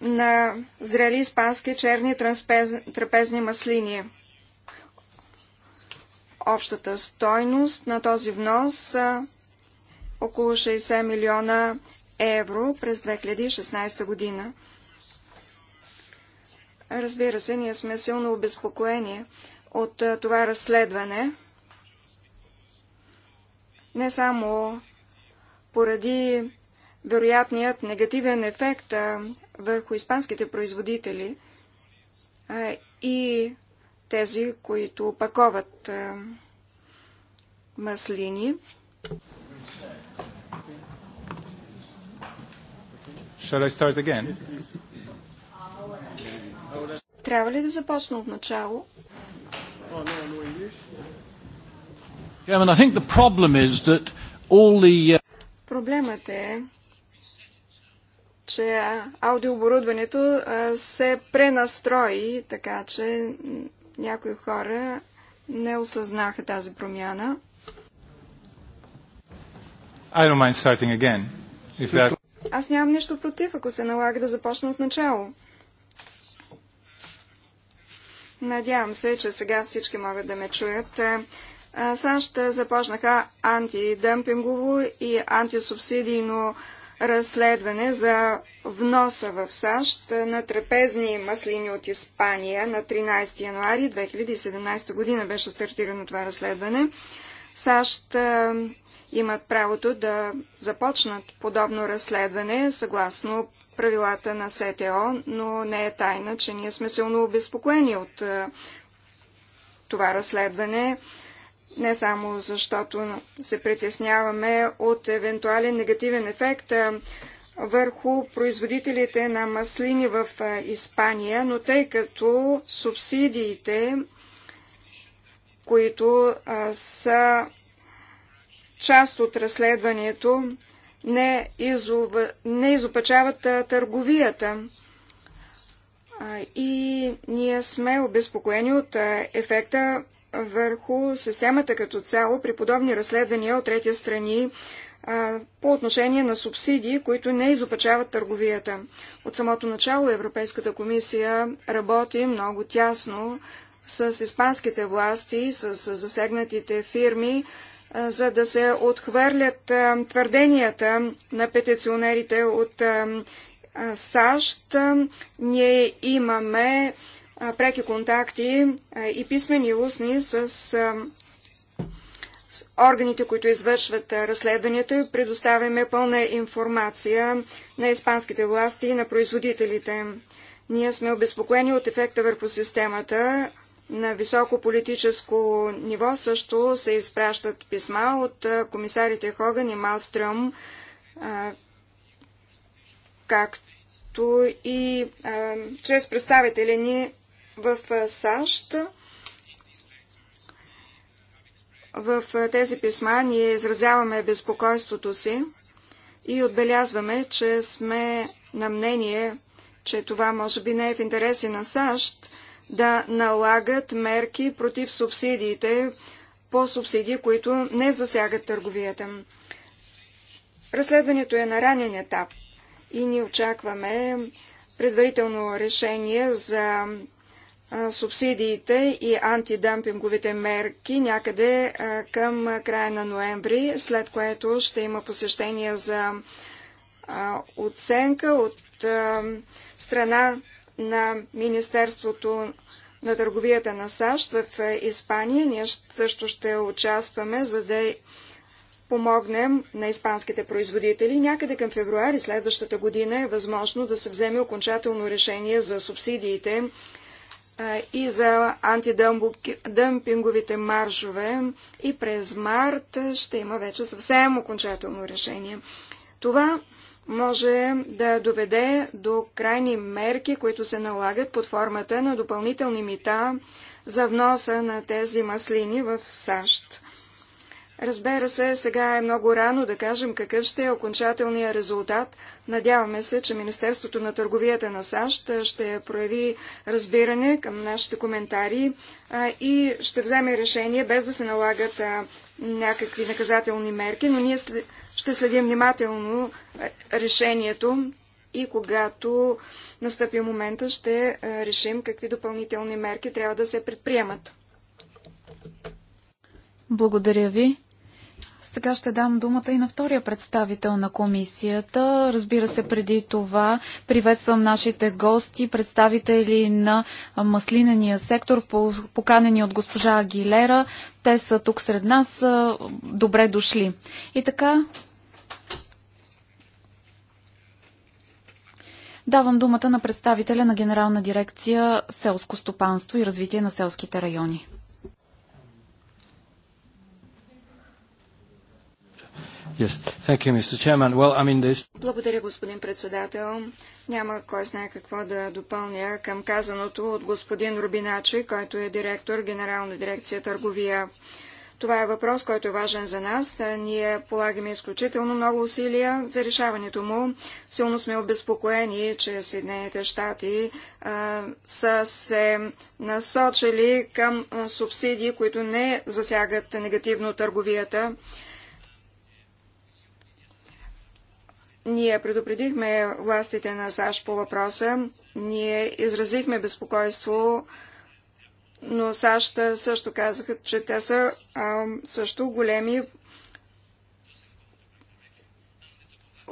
на зрели испански черни трапезни маслини. Общата стойност на този внос са около 60 милиона евро през 2016 година. Разбира се, ние сме силно обезпокоени от това разследване. Не само поради вероятният негативен ефект върху испанските производители а, и тези, които опаковат а, маслини. Shall I start again? Трябва ли да започна от начало? Проблемът е, че аудиооборудването се пренастрои, така че някои хора не осъзнаха тази промяна. I don't mind starting again, if that... Аз нямам нищо против, ако се налага да започна от начало. Надявам се, че сега всички могат да ме чуят. Е, САЩ започнаха антидъмпингово и антисубсидийно разследване за вноса в САЩ на трапезни маслини от Испания на 13 януари 2017 година беше стартирано това разследване. САЩ имат правото да започнат подобно разследване съгласно правилата на СТО, но не е тайна, че ние сме силно обезпокоени от това разследване не само защото се притесняваме от евентуален негативен ефект върху производителите на маслини в Испания, но тъй като субсидиите, които са част от разследването, не, не изопачават търговията. И ние сме обезпокоени от ефекта върху системата като цяло при подобни разследвания от трети страни а, по отношение на субсидии, които не изопачават търговията. От самото начало Европейската комисия работи много тясно с испанските власти, с засегнатите фирми, а, за да се отхвърлят а, твърденията на петиционерите от САЩ. Ние имаме преки контакти и писмени и устни с, с органите, които извършват разследването и предоставяме пълна информация на испанските власти и на производителите. Ние сме обезпокоени от ефекта върху системата. На високо политическо ниво също се изпращат писма от комисарите Хоган и Малстрюм, както и а, чрез представители ни в САЩ. В тези писма ние изразяваме безпокойството си и отбелязваме, че сме на мнение, че това може би не е в интереси на САЩ да налагат мерки против субсидиите по субсидии, които не засягат търговията. Разследването е на ранен етап и ние очакваме предварително решение за субсидиите и антидампинговите мерки някъде към края на ноември, след което ще има посещение за оценка от страна на Министерството на търговията на САЩ в Испания. Ние също ще участваме, за да помогнем на испанските производители. Някъде към февруари следващата година е възможно да се вземе окончателно решение за субсидиите и за антидъмпинговите маржове и през март ще има вече съвсем окончателно решение. Това може да доведе до крайни мерки, които се налагат под формата на допълнителни мита за вноса на тези маслини в САЩ. Разбира се, сега е много рано да кажем какъв ще е окончателният резултат. Надяваме се, че Министерството на търговията на САЩ ще прояви разбиране към нашите коментари и ще вземе решение, без да се налагат някакви наказателни мерки, но ние ще следим внимателно решението и когато настъпи момента, ще решим какви допълнителни мерки трябва да се предприемат. Благодаря ви. Сега ще дам думата и на втория представител на комисията. Разбира се, преди това приветствам нашите гости, представители на маслинения сектор, поканени от госпожа Агилера. Те са тук сред нас. Добре дошли. И така, Давам думата на представителя на Генерална дирекция Селско стопанство и развитие на селските райони. Yes. Thank you, Mr. Chairman. Well, I mean this... Благодаря, господин председател. Няма кой знае какво да допълня към казаното от господин Рубиначи, който е директор Генерална дирекция търговия. Това е въпрос, който е важен за нас. Ние полагаме изключително много усилия за решаването му. Силно сме обезпокоени, че Съединените щати а, са се насочили към субсидии, които не засягат негативно търговията. Ние предупредихме властите на САЩ по въпроса, ние изразихме безпокойство, но САЩ също казаха, че те са а, също големи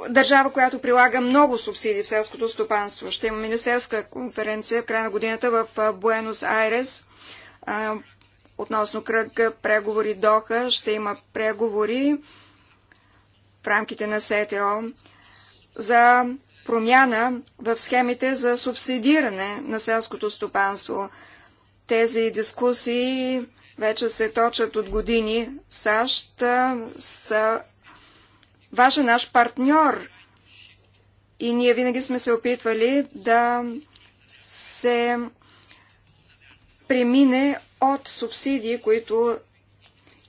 държава, която прилага много субсидии в селското стопанство. Ще има министерска конференция в края на годината в Буенос Айрес а, относно кръг преговори Доха. Ще има преговори в рамките на СТО за промяна в схемите за субсидиране на селското стопанство. Тези дискусии вече се точат от години. САЩ са важен наш партньор и ние винаги сме се опитвали да се премине от субсидии, които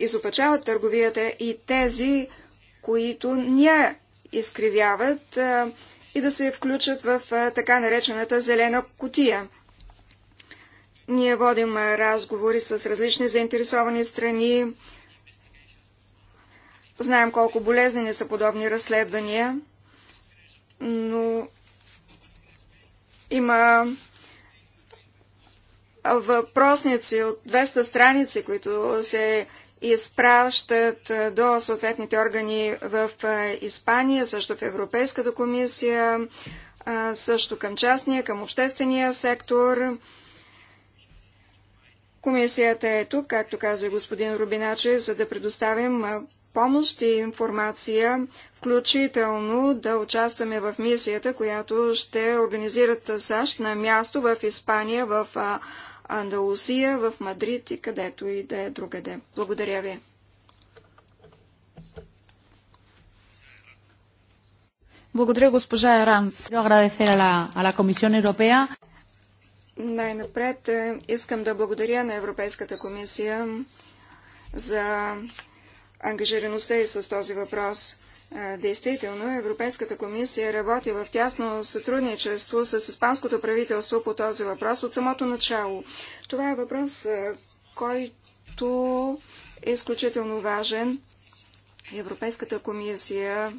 изопачават търговията и тези, които ние изкривяват и да се включат в така наречената зелена котия. Ние водим разговори с различни заинтересовани страни. Знаем колко болезнени са подобни разследвания, но има въпросници от 200 страници, които се изпращат до съответните органи в Испания, също в Европейската комисия, също към частния, към обществения сектор. Комисията е тук, както каза господин Рубиначе, за да предоставим помощ и информация, включително да участваме в мисията, която ще организират САЩ на място в Испания, в Андалусия, в Мадрид и където и да е другаде. Благодаря ви. Благодаря, госпожа Еранс. Най-напред е, искам да благодаря на Европейската комисия за ангажираността и с този въпрос. Действително, Европейската комисия работи в тясно сътрудничество с Испанското правителство по този въпрос от самото начало. Това е въпрос, който е изключително важен. Европейската комисия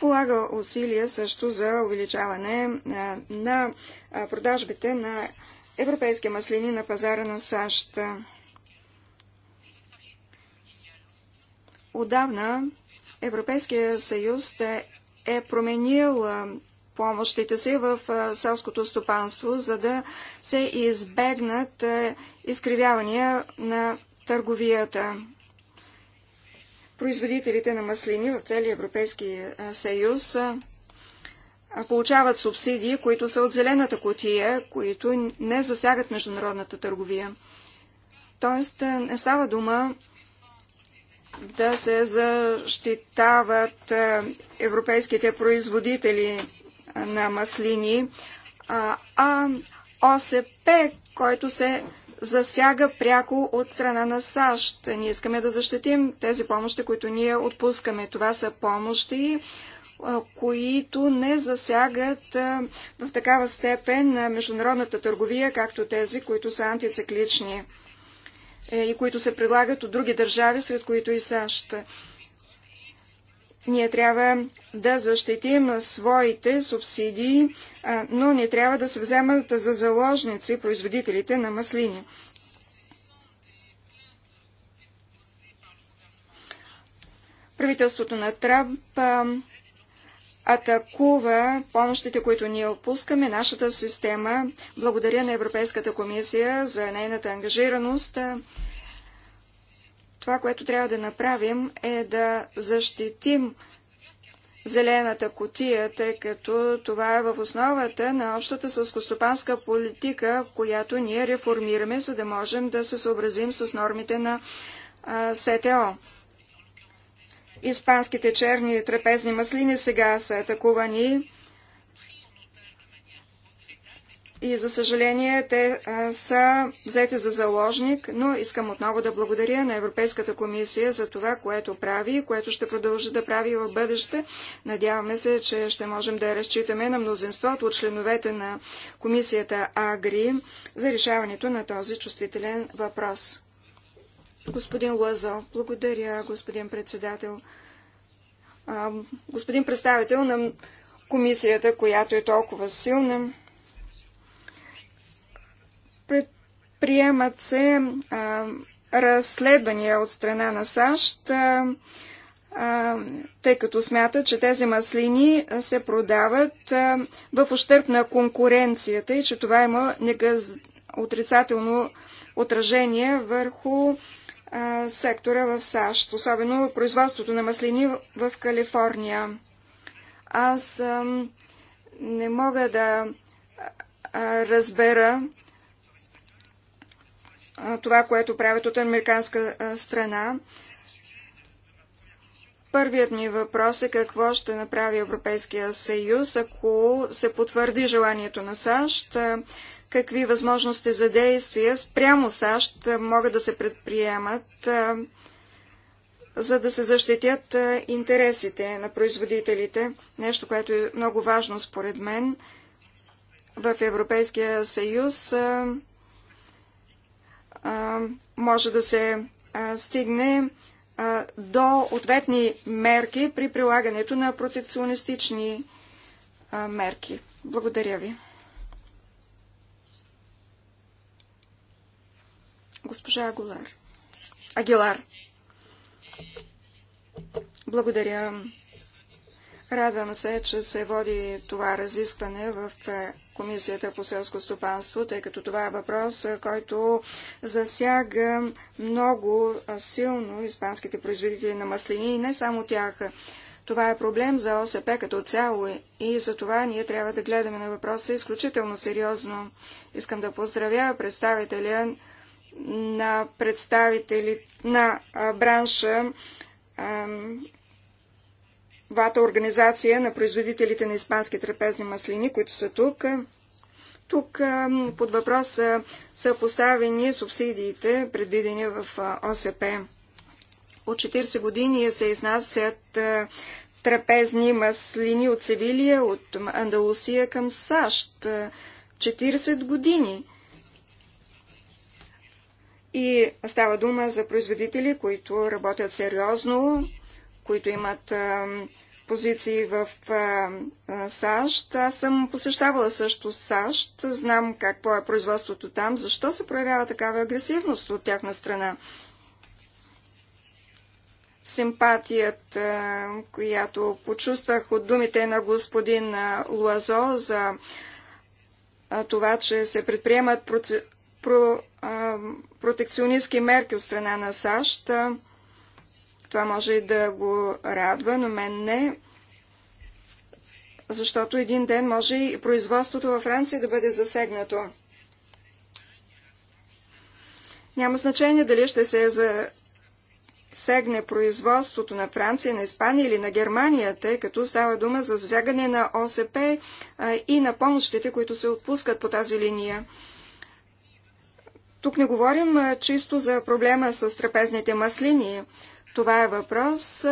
полага усилия също за увеличаване на продажбите на европейски маслини на пазара на САЩ. Отдавна Европейския съюз е, е променил помощите си в селското стопанство, за да се избегнат изкривявания на търговията. Производителите на маслини в целия Европейски съюз получават субсидии, които са от зелената котия, които не засягат международната търговия. Тоест не става дума да се защитават е, европейските производители е, на маслини, а ОСП, който се засяга пряко от страна на САЩ. Ние искаме да защитим тези помощи, които ние отпускаме. Това са помощи, е, които не засягат в такава степен международната търговия, както тези, които са антициклични. Е, и които се предлагат от други държави, сред които и САЩ. Ние трябва да защитим своите субсидии, но не трябва да се вземат за заложници производителите на маслини. Правителството на Трамп атакува помощите, които ние опускаме, нашата система. Благодаря на Европейската комисия за нейната ангажираност. Това, което трябва да направим е да защитим зелената котия, тъй като това е в основата на общата съскостопанска политика, която ние реформираме, за да можем да се съобразим с нормите на СТО. Испанските черни трапезни маслини сега са атакувани и за съжаление те а, са взети за заложник, но искам отново да благодаря на Европейската комисия за това, което прави и което ще продължи да прави в бъдеще. Надяваме се, че ще можем да разчитаме на мнозинството от членовете на комисията АГРИ за решаването на този чувствителен въпрос. Господин Лазо, благодаря, господин председател. А, господин представител на комисията, която е толкова силна, предприемат се а, разследвания от страна на САЩ, а, а, тъй като смятат, че тези маслини се продават а, в ущърп на конкуренцията и че това има негаз... отрицателно отражение върху сектора в САЩ, особено производството на маслини в Калифорния. Аз не мога да разбера това, което правят от американска страна. Първият ми въпрос е какво ще направи Европейския съюз, ако се потвърди желанието на САЩ какви възможности за действия спрямо САЩ могат да се предприемат, за да се защитят интересите на производителите. Нещо, което е много важно според мен в Европейския съюз може да се стигне до ответни мерки при прилагането на протекционистични мерки. Благодаря ви. Госпожа Агулар. Агилар. Благодаря. Радвам се, че се води това разискване в е, Комисията по селско стопанство, тъй като това е въпрос, е, който засяга много е, силно испанските производители на маслини и не само тях. Това е проблем за ОСП като цяло и за това ние трябва да гледаме на въпроса изключително сериозно. Искам да поздравя представителя на представители на бранша вата организация на производителите на испански трапезни маслини, които са тук. Тук под въпрос са, поставени субсидиите, предвидени в ОСП. От 40 години се изнасят трапезни маслини от Севилия, от Андалусия към САЩ. 40 години. И става дума за производители, които работят сериозно, които имат позиции в САЩ. Аз съм посещавала също САЩ, знам какво е производството там, защо се проявява такава агресивност от тяхна страна. Симпатията, която почувствах от думите на господин Луазо за това, че се предприемат процедури про, а, протекционистски мерки от страна на САЩ. Това може и да го радва, но мен не, защото един ден може и производството във Франция да бъде засегнато. Няма значение дали ще се засегне производството на Франция, на Испания или на Германия, тъй като става дума за засягане на ОСП а, и на помощите, които се отпускат по тази линия. Тук не говорим чисто за проблема с трапезните маслини. Това е въпрос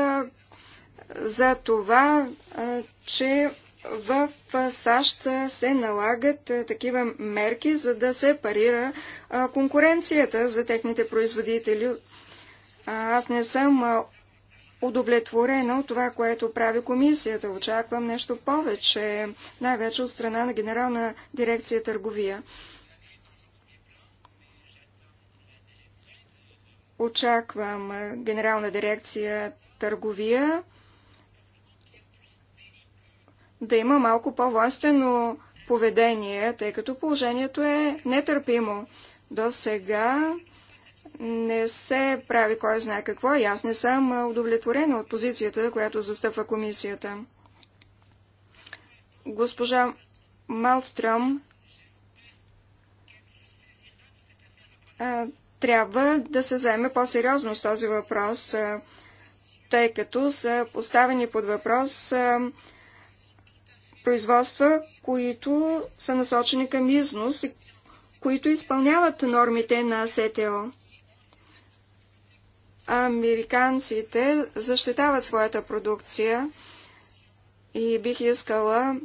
за това, че в САЩ се налагат такива мерки, за да се парира конкуренцията за техните производители. Аз не съм удовлетворена от това, което прави комисията. Очаквам нещо повече, най-вече от страна на Генерална дирекция търговия. Очаквам Генерална дирекция търговия да има малко по-властено поведение, тъй като положението е нетърпимо. До сега не се прави кой знае какво и аз не съм удовлетворена от позицията, която застъпва комисията. Госпожа Малстром трябва да се заеме по-сериозно с този въпрос, тъй като са поставени под въпрос производства, които са насочени към износ и които изпълняват нормите на СТО. Американците защитават своята продукция и бих искала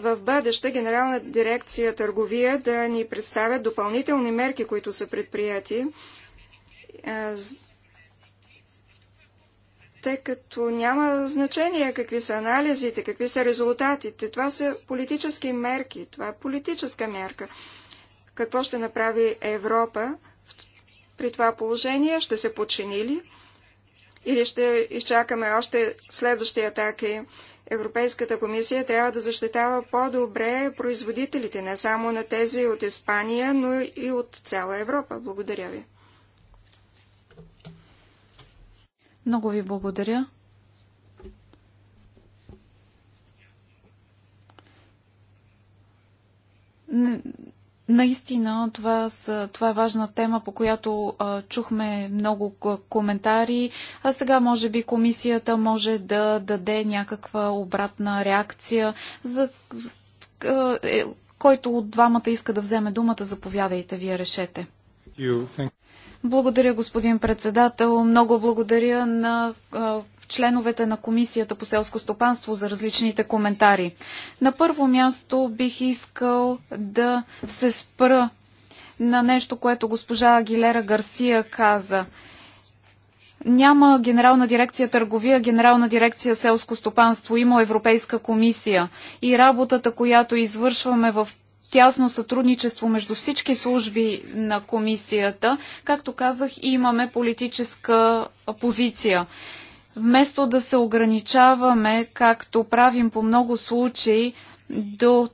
в бъдеще Генерална дирекция търговия да ни представят допълнителни мерки, които са предприяти, е, тъй като няма значение какви са анализите, какви са резултатите. Това са политически мерки, това е политическа мерка. Какво ще направи Европа при това положение? Ще се подчинили Или ще изчакаме още следващи атаки? Европейската комисия трябва да защитава по-добре производителите, не само на тези от Испания, но и от цяла Европа. Благодаря ви. Много ви благодаря. Не, Наистина, това, са, това е важна тема, по която а, чухме много коментари, а сега може би комисията може да даде някаква обратна реакция. За, а, е, който от двамата иска да вземе думата, заповядайте, вие решете. Благодаря, господин председател. Много благодаря на членовете на Комисията по селско стопанство за различните коментари. На първо място бих искал да се спра на нещо, което госпожа Агилера Гарсия каза. Няма генерална дирекция търговия, генерална дирекция селско стопанство, има Европейска комисия и работата, която извършваме в тясно сътрудничество между всички служби на комисията. Както казах, имаме политическа позиция вместо да се ограничаваме, както правим по много случаи, до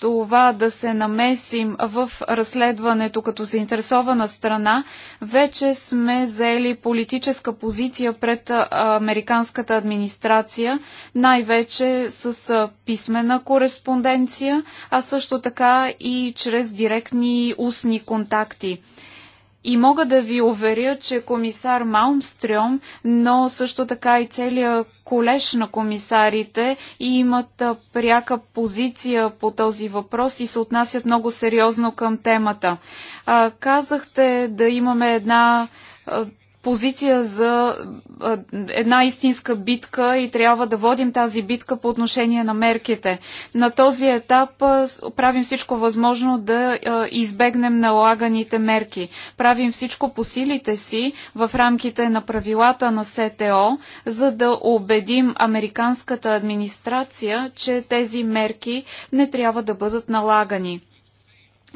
това да се намесим в разследването като заинтересована страна, вече сме заели политическа позиция пред американската администрация, най-вече с писмена кореспонденция, а също така и чрез директни устни контакти. И мога да ви уверя, че комисар Маумстрём, но също така и целият колеж на комисарите и имат пряка позиция по този въпрос и се отнасят много сериозно към темата. казахте да имаме една позиция за една истинска битка и трябва да водим тази битка по отношение на мерките. На този етап правим всичко възможно да избегнем налаганите мерки. Правим всичко по силите си в рамките на правилата на СТО, за да убедим американската администрация, че тези мерки не трябва да бъдат налагани.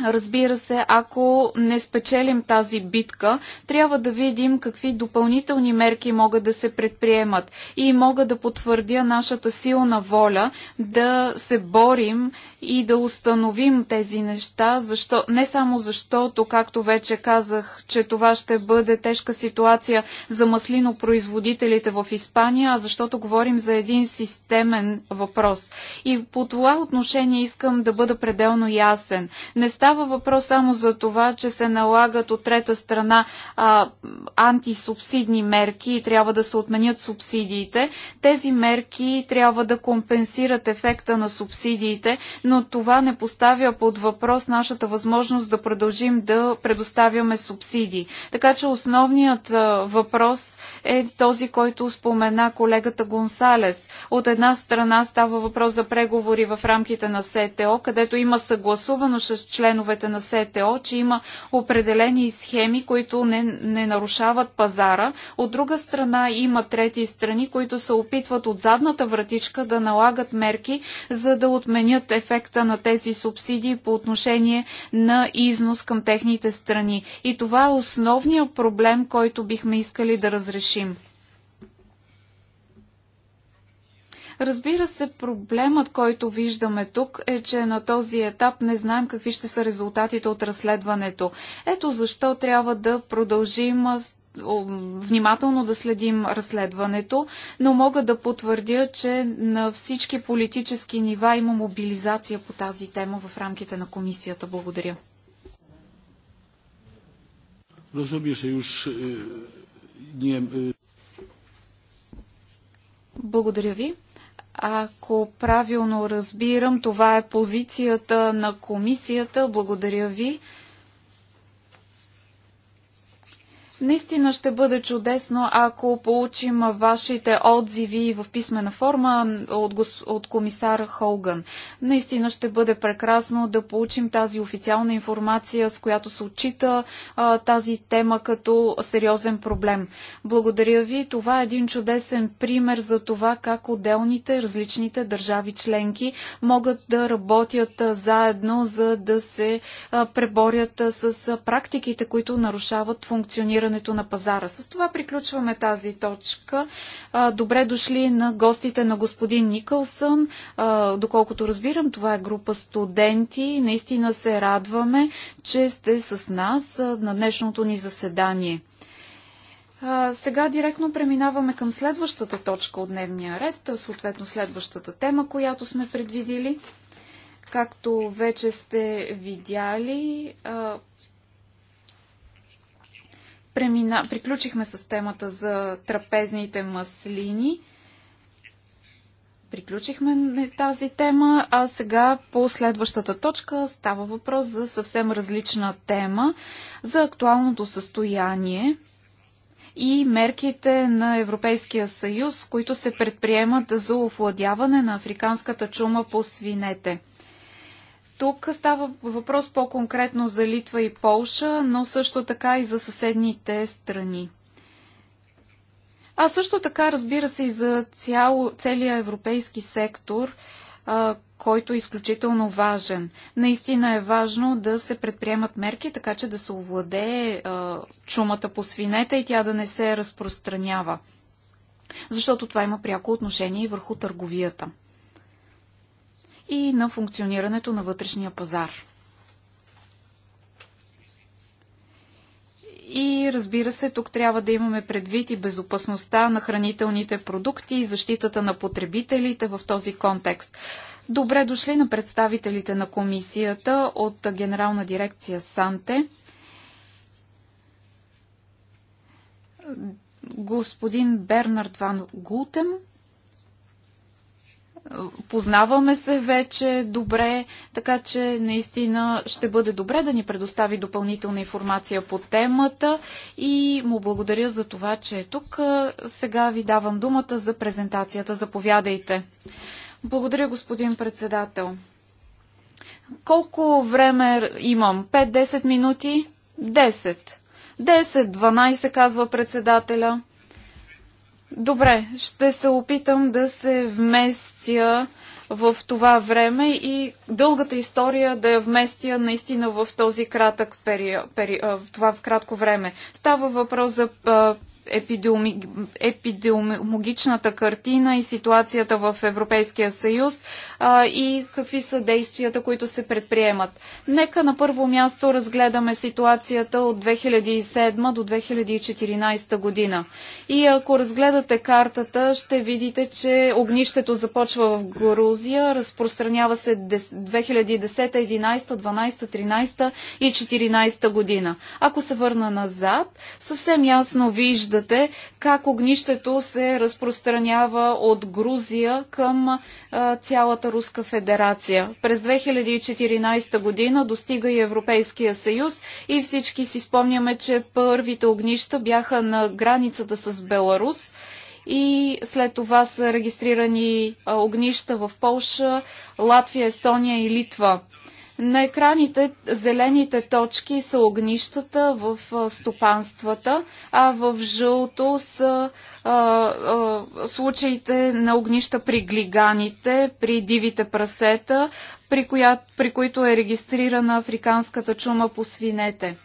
Разбира се, ако не спечелим тази битка, трябва да видим какви допълнителни мерки могат да се предприемат. И мога да потвърдя нашата силна воля да се борим и да установим тези неща, защо, не само защото, както вече казах, че това ще бъде тежка ситуация за маслинопроизводителите в Испания, а защото говорим за един системен въпрос. И по това отношение искам да бъда пределно ясен. Не става въпрос само за това, че се налагат от трета страна а, антисубсидни мерки и трябва да се отменят субсидиите. Тези мерки трябва да компенсират ефекта на субсидиите, но но това не поставя под въпрос нашата възможност да продължим да предоставяме субсидии. Така че основният въпрос е този, който спомена колегата Гонсалес. От една страна става въпрос за преговори в рамките на СТО, където има съгласувано с членовете на СТО, че има определени схеми, които не, не нарушават пазара. От друга страна има трети страни, които се опитват от задната вратичка да налагат мерки, за да отменят ефект ефекта на тези субсидии по отношение на износ към техните страни. И това е основният проблем, който бихме искали да разрешим. Разбира се, проблемът, който виждаме тук е, че на този етап не знаем какви ще са резултатите от разследването. Ето защо трябва да продължим внимателно да следим разследването, но мога да потвърдя, че на всички политически нива има мобилизация по тази тема в рамките на комисията. Благодаря. Е, е. Благодаря ви. Ако правилно разбирам, това е позицията на комисията. Благодаря ви. Наистина ще бъде чудесно, ако получим вашите отзиви в писмена форма от, гос... от комисар Холган. Наистина ще бъде прекрасно да получим тази официална информация, с която се отчита а, тази тема като сериозен проблем. Благодаря ви. Това е един чудесен пример за това как отделните, различните държави членки могат да работят заедно, за да се преборят с практиките, които нарушават функционирането регулирането на пазара. С това приключваме тази точка. Добре дошли на гостите на господин Никълсън. Доколкото разбирам, това е група студенти. Наистина се радваме, че сте с нас на днешното ни заседание. Сега директно преминаваме към следващата точка от дневния ред, съответно следващата тема, която сме предвидили. Както вече сте видяли, Премина... Приключихме с темата за трапезните маслини. Приключихме тази тема, а сега по следващата точка става въпрос за съвсем различна тема за актуалното състояние и мерките на Европейския съюз, които се предприемат за овладяване на африканската чума по свинете. Тук става въпрос по-конкретно за Литва и Полша, но също така и за съседните страни. А също така, разбира се, и за цяло, целия европейски сектор, а, който е изключително важен. Наистина е важно да се предприемат мерки, така че да се овладее а, чумата по свинете и тя да не се разпространява. Защото това има пряко отношение и върху търговията и на функционирането на вътрешния пазар. И разбира се, тук трябва да имаме предвид и безопасността на хранителните продукти и защитата на потребителите в този контекст. Добре дошли на представителите на комисията от Генерална дирекция Санте. Господин Бернард Ван Гутем. Познаваме се вече добре, така че наистина ще бъде добре да ни предостави допълнителна информация по темата и му благодаря за това, че е тук. Сега ви давам думата за презентацията. Заповядайте. Благодаря, господин председател. Колко време имам? 5-10 минути? 10. 10-12, казва председателя. Добре, ще се опитам да се вместя в това време и дългата история да я вместя наистина в този кратък период, пери, това в кратко време. Става въпрос за епидеми... епидемиологичната картина и ситуацията в Европейския съюз а, и какви са действията, които се предприемат. Нека на първо място разгледаме ситуацията от 2007 до 2014 година. И ако разгледате картата, ще видите, че огнището започва в Грузия, разпространява се 2010, 2011, 2012, 2013 и 2014 година. Ако се върна назад, съвсем ясно вижда, виждате как огнището се разпространява от Грузия към а, цялата Руска федерация. През 2014 година достига и Европейския съюз и всички си спомняме, че първите огнища бяха на границата с Беларус и след това са регистрирани огнища в Полша, Латвия, Естония и Литва. На екраните зелените точки са огнищата в стопанствата, а в жълто са а, а, случаите на огнища при глиганите, при дивите прасета, при, коя, при които е регистрирана африканската чума по свинете.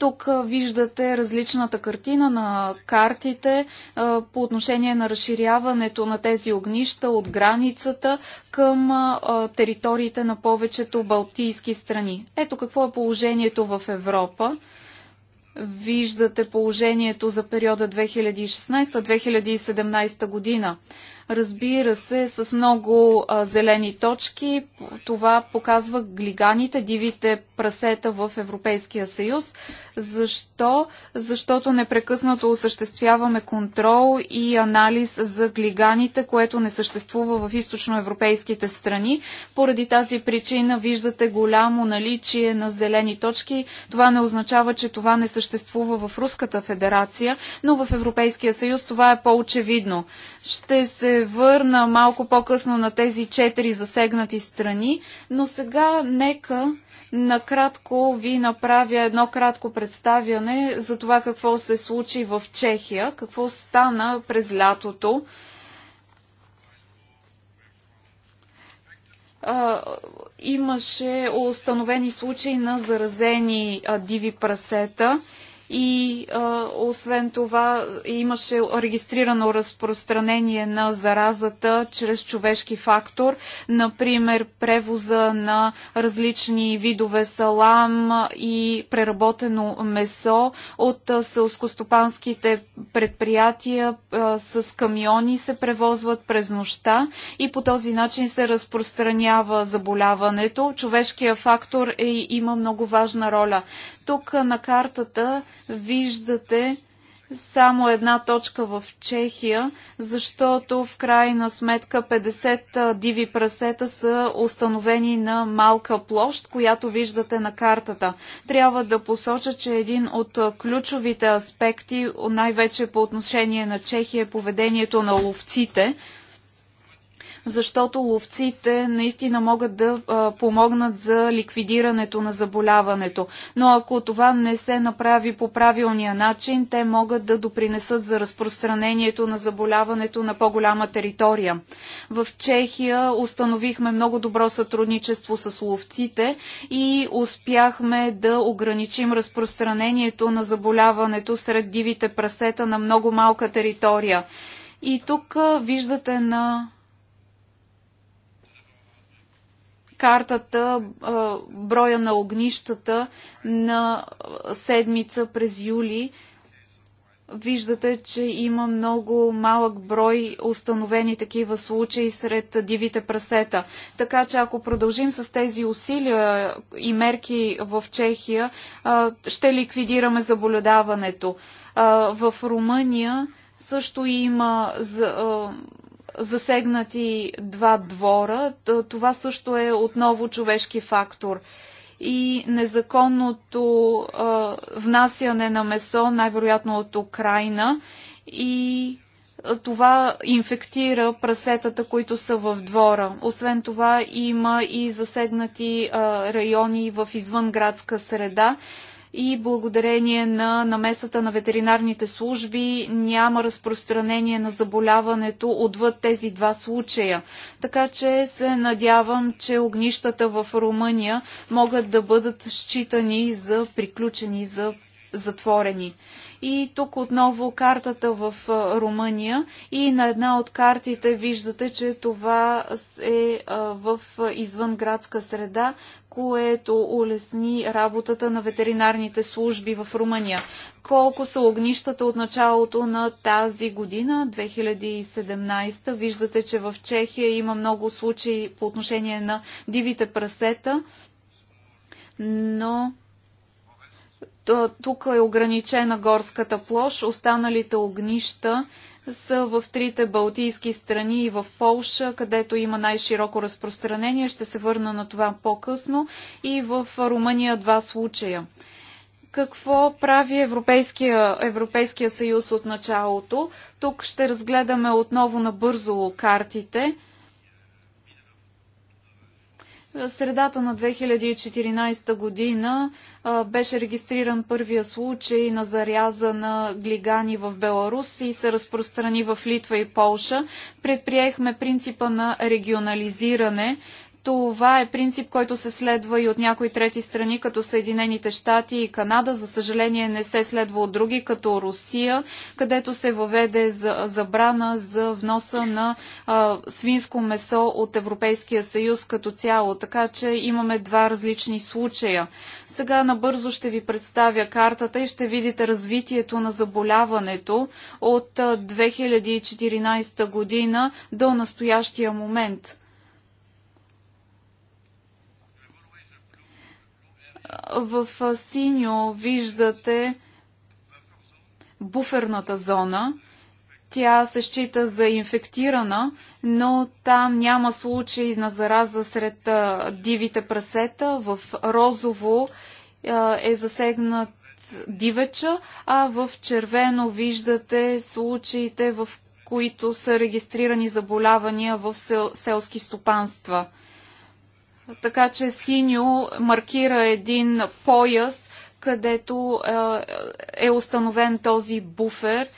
Тук виждате различната картина на картите по отношение на разширяването на тези огнища от границата към териториите на повечето балтийски страни. Ето какво е положението в Европа. Виждате положението за периода 2016-2017 година. Разбира се, с много а, зелени точки. Това показва глиганите, дивите прасета в Европейския съюз. Защо? Защото непрекъснато осъществяваме контрол и анализ за глиганите, което не съществува в източноевропейските страни. Поради тази причина виждате голямо наличие на зелени точки. Това не означава, че това не съществува в Руската федерация, но в Европейския съюз това е по-очевидно. Ще се се върна малко по-късно на тези четири засегнати страни, но сега нека накратко ви направя едно кратко представяне за това какво се случи в Чехия, какво стана през лятото. имаше установени случаи на заразени диви прасета и а, освен това имаше регистрирано разпространение на заразата чрез човешки фактор, например превоза на различни видове салам и преработено месо от селскостопанските предприятия а, с камиони се превозват през нощта и по този начин се разпространява заболяването. Човешкият фактор е, има много важна роля. Тук на картата виждате само една точка в Чехия, защото в крайна сметка 50 диви прасета са установени на малка площ, която виждате на картата. Трябва да посоча, че един от ключовите аспекти, най-вече по отношение на Чехия, е поведението на ловците – защото ловците наистина могат да помогнат за ликвидирането на заболяването. Но ако това не се направи по правилния начин, те могат да допринесат за разпространението на заболяването на по-голяма територия. В Чехия установихме много добро сътрудничество с ловците и успяхме да ограничим разпространението на заболяването сред дивите прасета на много малка територия. И тук виждате на картата, броя на огнищата на седмица през юли. Виждате, че има много малък брой установени такива случаи сред дивите прасета. Така че ако продължим с тези усилия и мерки в Чехия, ще ликвидираме заболедаването. В Румъния също има засегнати два двора, това също е отново човешки фактор. И незаконното внасяне на месо, най-вероятно от Украина, и това инфектира прасетата, които са в двора. Освен това има и засегнати райони в извънградска среда, и благодарение на намесата на ветеринарните служби няма разпространение на заболяването отвъд тези два случая. Така че се надявам, че огнищата в Румъния могат да бъдат считани за приключени, за затворени. И тук отново картата в Румъния и на една от картите виждате, че това е в извънградска среда, което улесни работата на ветеринарните служби в Румъния. Колко са огнищата от началото на тази година, 2017? Виждате, че в Чехия има много случаи по отношение на дивите прасета, но тук е ограничена горската площ. Останалите огнища са в трите балтийски страни и в Полша, където има най-широко разпространение. Ще се върна на това по-късно. И в Румъния два случая. Какво прави Европейския, Европейския съюз от началото? Тук ще разгледаме отново набързо картите – средата на 2014 година а, беше регистриран първия случай на заряза на глигани в Беларус и се разпространи в Литва и Полша. Предприехме принципа на регионализиране, това е принцип, който се следва и от някои трети страни, като Съединените щати и Канада. За съжаление не се следва от други, като Русия, където се въведе забрана за вноса на а, свинско месо от Европейския съюз като цяло. Така че имаме два различни случая. Сега набързо ще ви представя картата и ще видите развитието на заболяването от 2014 година до настоящия момент – В синьо виждате буферната зона. Тя се счита за инфектирана, но там няма случаи на зараза сред дивите прасета. В розово е засегнат дивеча, а в червено виждате случаите, в които са регистрирани заболявания в селски стопанства. Така че синьо маркира един пояс, където е, е установен този буфер. Е,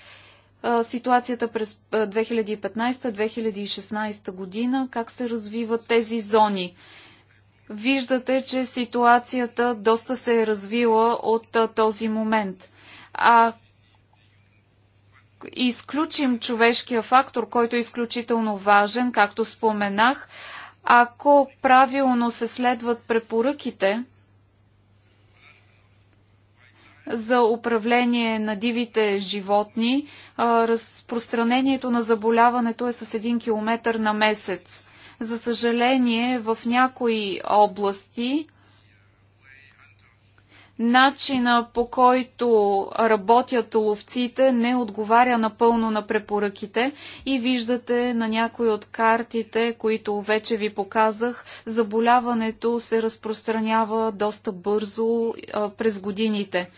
ситуацията през 2015-2016 е, година, как се развиват тези зони? Виждате, че ситуацията доста се е развила от този момент. А изключим човешкия фактор, който е изключително важен, както споменах, ако правилно се следват препоръките за управление на дивите животни, разпространението на заболяването е с 1 км на месец. За съжаление, в някои области начина по който работят ловците не отговаря напълно на препоръките и виждате на някои от картите, които вече ви показах, заболяването се разпространява доста бързо през годините.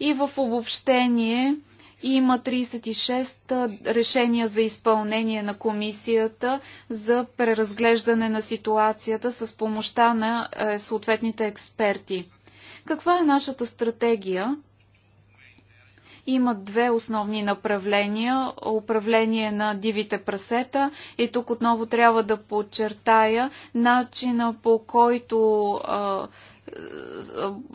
И в обобщение има 36 решения за изпълнение на комисията за преразглеждане на ситуацията с помощта на е, съответните експерти. Каква е нашата стратегия? Има две основни направления. Управление на дивите прасета и тук отново трябва да подчертая начина по който а, е,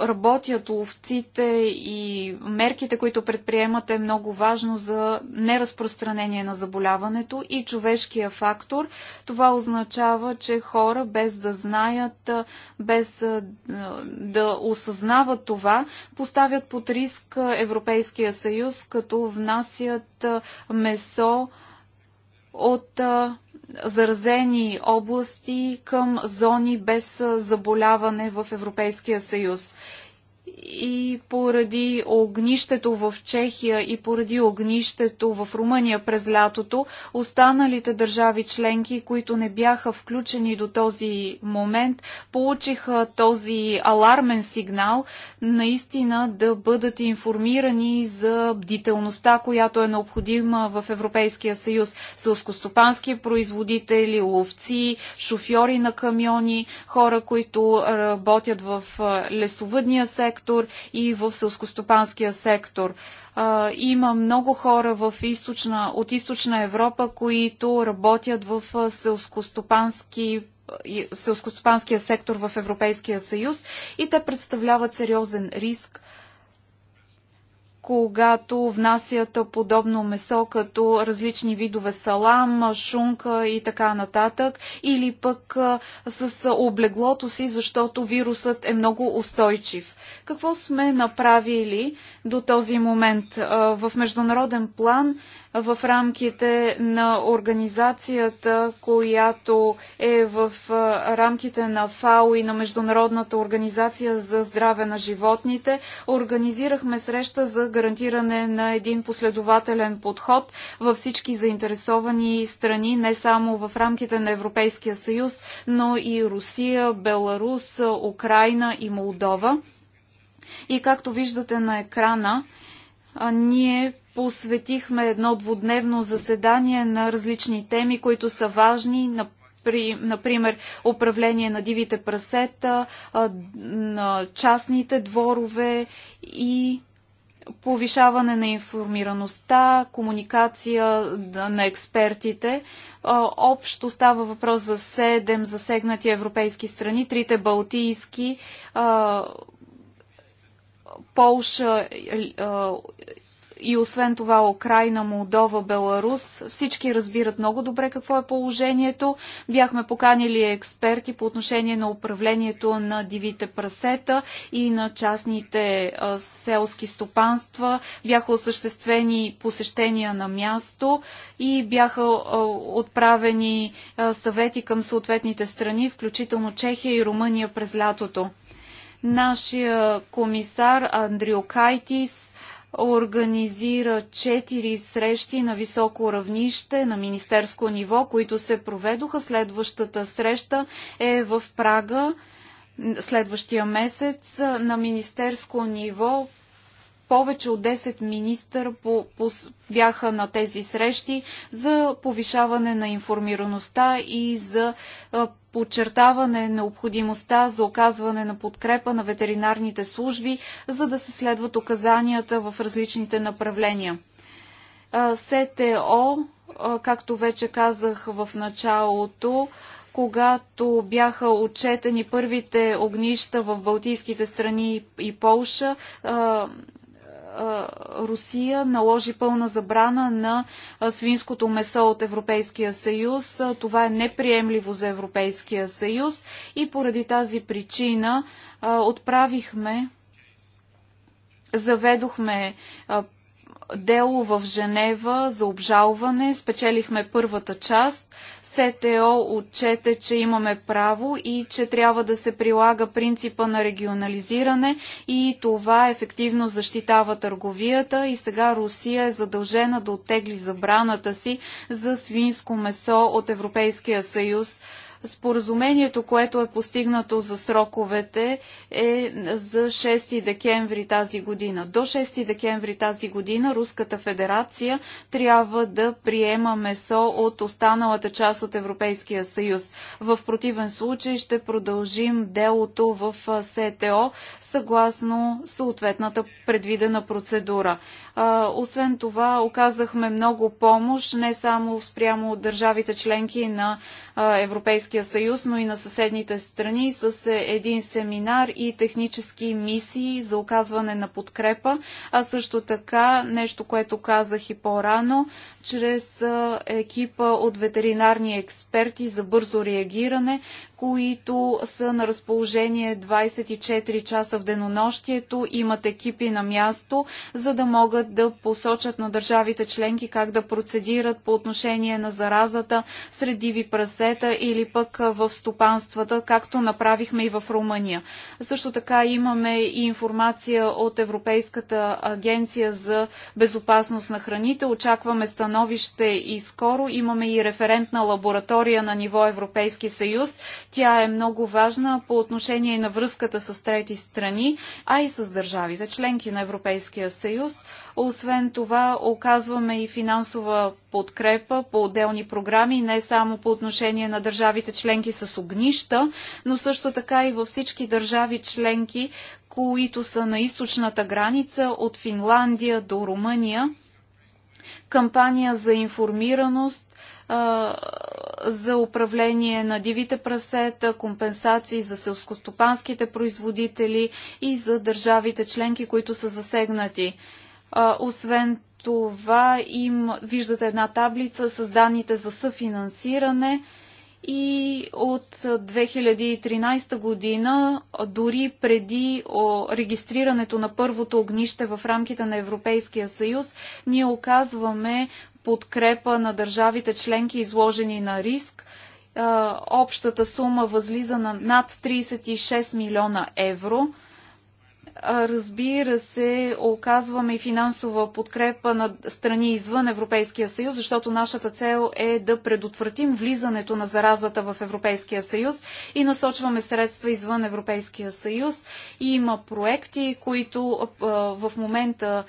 работят ловците и мерките, които предприемат е много важно за неразпространение на заболяването и човешкия фактор. Това означава, че хора без да знаят, е, без е, да осъзнават това, поставят под риск Европейския съюз, като внасят месо от заразени области към зони без заболяване в Европейския съюз и поради огнището в Чехия и поради огнището в Румъния през лятото, останалите държави членки, които не бяха включени до този момент, получиха този алармен сигнал наистина да бъдат информирани за бдителността, която е необходима в Европейския съюз. Сълскостопански производители, ловци, шофьори на камиони, хора, които работят в лесовъдния сектор, сектор и в селскостопанския сектор. А, има много хора в източна, от източна Европа, които работят в селскостопански селскостопанския сектор в Европейския съюз и те представляват сериозен риск когато внасят подобно месо като различни видове салам, шунка и така нататък, или пък с облеглото си, защото вирусът е много устойчив какво сме направили до този момент в международен план в рамките на организацията, която е в рамките на ФАО и на Международната организация за здраве на животните. Организирахме среща за гарантиране на един последователен подход във всички заинтересовани страни, не само в рамките на Европейския съюз, но и Русия, Беларус, Украина и Молдова. И както виждате на екрана, ние посветихме едно двудневно заседание на различни теми, които са важни, например, управление на дивите прасета, на частните дворове и повишаване на информираността, комуникация на експертите. Общо става въпрос за 7 засегнати европейски страни, трите балтийски, Полша и освен това Украина, Молдова, Беларус. Всички разбират много добре какво е положението. Бяхме поканили експерти по отношение на управлението на дивите прасета и на частните селски стопанства. Бяха осъществени посещения на място и бяха отправени съвети към съответните страни, включително Чехия и Румъния през лятото. Нашия комисар Андрио Кайтис организира четири срещи на високо равнище на министерско ниво, които се проведоха. Следващата среща е в Прага следващия месец на министерско ниво повече от 10 министър по, по, бяха на тези срещи за повишаване на информираността и за а, подчертаване необходимостта за оказване на подкрепа на ветеринарните служби, за да се следват указанията в различните направления. А, СТО, а, както вече казах в началото, когато бяха отчетени първите огнища в Балтийските страни и Полша, Русия наложи пълна забрана на свинското месо от Европейския съюз. Това е неприемливо за Европейския съюз и поради тази причина отправихме заведохме дело в Женева за обжалване. Спечелихме първата част. СТО отчете, че имаме право и че трябва да се прилага принципа на регионализиране и това ефективно защитава търговията и сега Русия е задължена да оттегли забраната си за свинско месо от Европейския съюз Споразумението, което е постигнато за сроковете е за 6 декември тази година. До 6 декември тази година Руската федерация трябва да приема месо от останалата част от Европейския съюз. В противен случай ще продължим делото в СТО съгласно съответната предвидена процедура. Освен това, оказахме много помощ не само спрямо държавите членки на Европейския съюз, но и на съседните страни с е, един семинар и технически мисии за оказване на подкрепа, а също така нещо, което казах и по-рано, чрез екипа от ветеринарни експерти за бързо реагиране, които са на разположение 24 часа в денонощието, имат екипи на място, за да могат да посочат на държавите членки как да процедират по отношение на заразата сред диви прасета или пък в стопанствата, както направихме и в Румъния. Също така имаме и информация от Европейската агенция за безопасност на храните. Очакваме становище и скоро. Имаме и референтна лаборатория на ниво Европейски съюз. Тя е много важна по отношение на връзката с трети страни, а и с държавите, членки на Европейския съюз. Освен това, оказваме и финансова подкрепа по отделни програми, не само по отношение на държавите членки с огнища, но също така и във всички държави членки, които са на източната граница от Финландия до Румъния. Кампания за информираност за управление на дивите прасета, компенсации за селскостопанските производители и за държавите членки, които са засегнати. освен това, им виждате една таблица с данните за съфинансиране и от 2013 година, дори преди регистрирането на първото огнище в рамките на Европейския съюз, ние оказваме подкрепа на държавите членки, изложени на риск. Общата сума възлиза на над 36 милиона евро – Разбира се, оказваме и финансова подкрепа на страни извън Европейския съюз, защото нашата цел е да предотвратим влизането на заразата в Европейския съюз и насочваме средства извън Европейския съюз. И има проекти, които в момента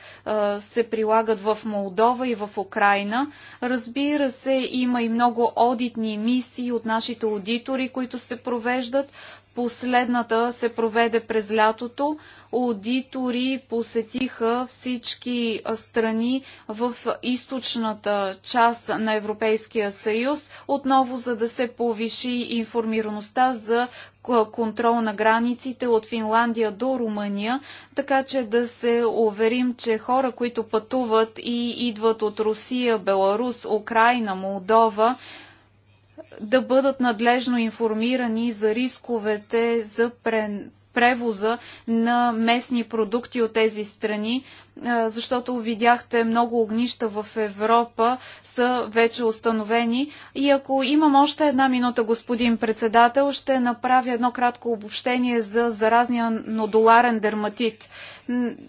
се прилагат в Молдова и в Украина. Разбира се, има и много одитни мисии от нашите аудитори, които се провеждат. Последната се проведе през лятото. Аудитори посетиха всички страни в източната част на Европейския съюз, отново за да се повиши информираността за контрол на границите от Финландия до Румъния, така че да се уверим, че хора, които пътуват и идват от Русия, Беларус, Украина, Молдова, да бъдат надлежно информирани за рисковете за превоза на местни продукти от тези страни, защото видяхте много огнища в Европа са вече установени. И ако имам още една минута, господин председател, ще направя едно кратко обобщение за заразния нодуларен дерматит.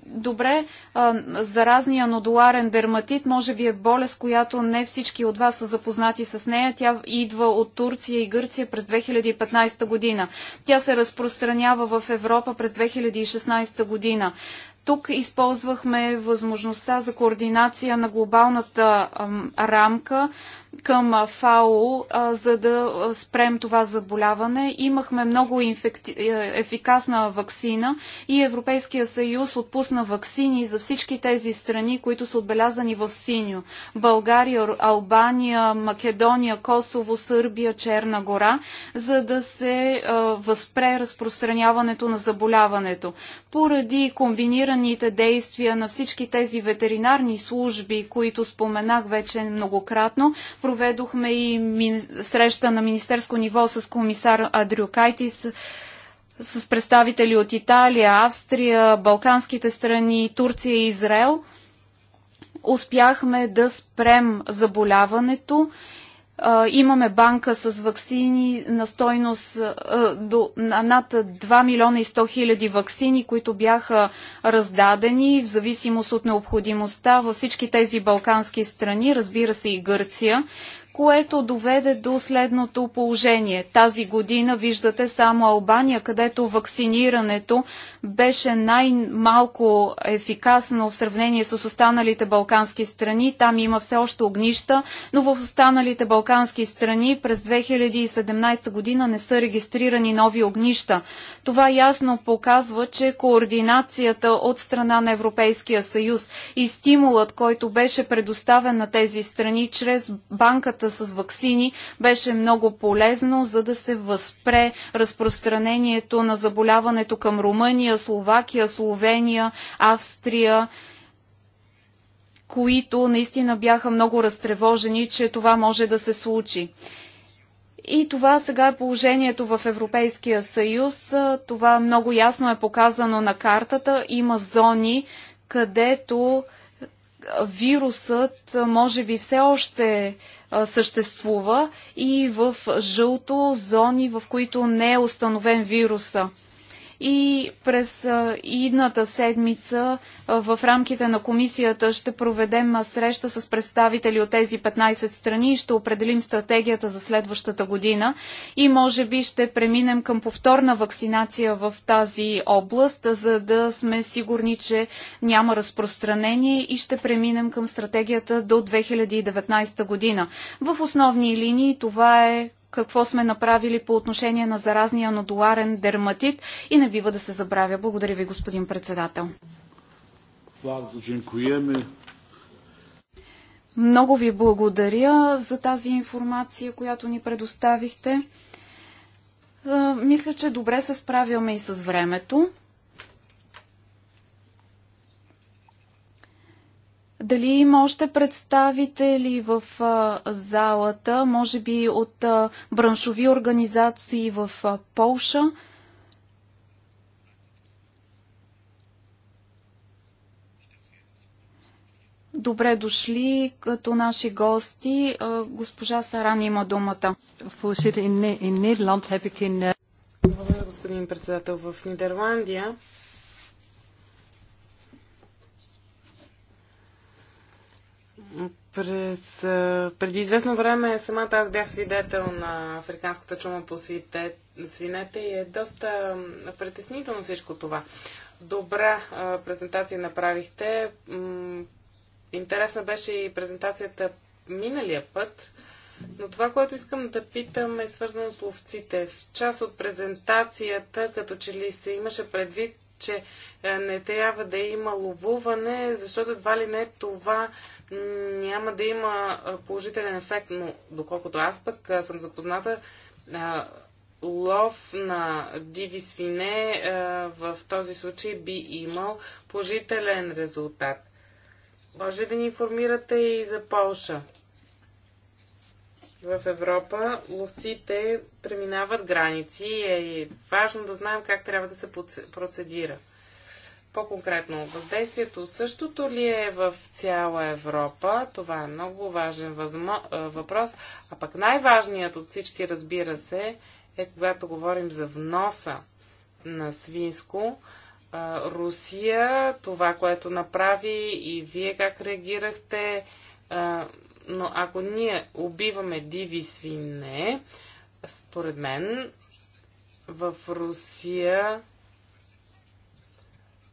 Добре, заразния нодуларен дерматит може би е болест, която не всички от вас са запознати с нея. Тя идва от Турция и Гърция през 2015 година. Тя се разпространява в Европа през 2016 година. Тук използвахме възможността за координация на глобалната рамка към ФАО, за да спрем това заболяване. Имахме много инфекти... Е, ефикасна вакцина и Европейския съюз отпусна вакцини за всички тези страни, които са отбелязани в синьо. България, Албания, Македония, Косово, Сърбия, Черна гора, за да се възпре разпространяването на заболяването. Поради комбинираните действия на всички тези ветеринарни служби, които споменах вече многократно, Проведохме и среща на министерско ниво с комисар Адрио Кайтис, с представители от Италия, Австрия, Балканските страни, Турция и Израел. Успяхме да спрем заболяването а, имаме банка с вакцини на стойност а, до, на над 2 милиона и 100 хиляди вакцини, които бяха раздадени в зависимост от необходимостта във всички тези балкански страни, разбира се и Гърция, което доведе до следното положение. Тази година виждате само Албания, където вакцинирането беше най-малко ефикасно в сравнение с останалите балкански страни. Там има все още огнища, но в останалите балкански страни през 2017 година не са регистрирани нови огнища. Това ясно показва, че координацията от страна на Европейския съюз и стимулът, който беше предоставен на тези страни чрез банката, борбата с вакцини беше много полезно, за да се възпре разпространението на заболяването към Румъния, Словакия, Словения, Австрия които наистина бяха много разтревожени, че това може да се случи. И това сега е положението в Европейския съюз. Това много ясно е показано на картата. Има зони, където вирусът може би все още съществува и в жълто зони, в които не е установен вируса и през идната седмица в рамките на комисията ще проведем среща с представители от тези 15 страни и ще определим стратегията за следващата година и може би ще преминем към повторна вакцинация в тази област, за да сме сигурни, че няма разпространение и ще преминем към стратегията до 2019 година. В основни линии това е какво сме направили по отношение на заразния нодуларен дерматит и не бива да се забравя. Благодаря ви, господин председател. Много ви благодаря за тази информация, която ни предоставихте. Мисля, че добре се справяме и с времето. Дали има още представители в а, залата, може би от а, браншови организации в а, Полша? Добре дошли като наши гости. Госпожа Саран има думата. Благодаря, господин председател. В Нидерландия През, преди известно време самата аз бях свидетел на африканската чума по свите, свинете и е доста притеснително всичко това. Добра а, презентация направихте. интересна беше и презентацията миналия път. Но това, което искам да питам е свързано с ловците. В част от презентацията, като че ли се имаше предвид че е, не трябва да има ловуване, защото едва ли не това няма да има е, положителен ефект, но доколкото аз пък е, съм запозната, лов на диви свине в този случай би имал положителен резултат. Може да ни информирате и за Полша в Европа ловците преминават граници и е важно да знаем как трябва да се процедира. По-конкретно, въздействието същото ли е в цяла Европа? Това е много важен въпрос. А пък най-важният от всички, разбира се, е когато говорим за вноса на свинско. Русия, това, което направи и вие как реагирахте, но ако ние убиваме диви свине, според мен в Русия,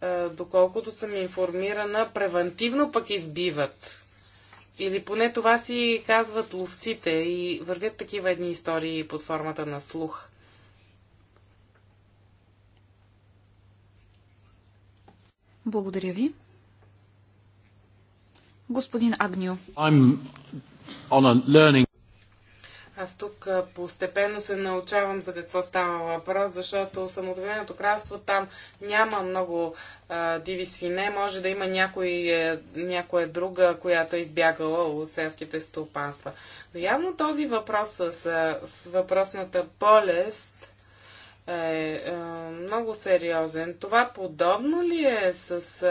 е, доколкото съм информирана, превентивно пък избиват. Или поне това си казват ловците и вървят такива едни истории под формата на слух. Благодаря ви. Господин Агню. Аз тук постепенно се научавам за какво става въпрос, защото самодовеното кралство там няма много а, диви свине. Може да има някой, е, някоя друга, която е избягала от селските стопанства. Но явно този въпрос с, с въпросната болест е, е много сериозен. Това подобно ли е с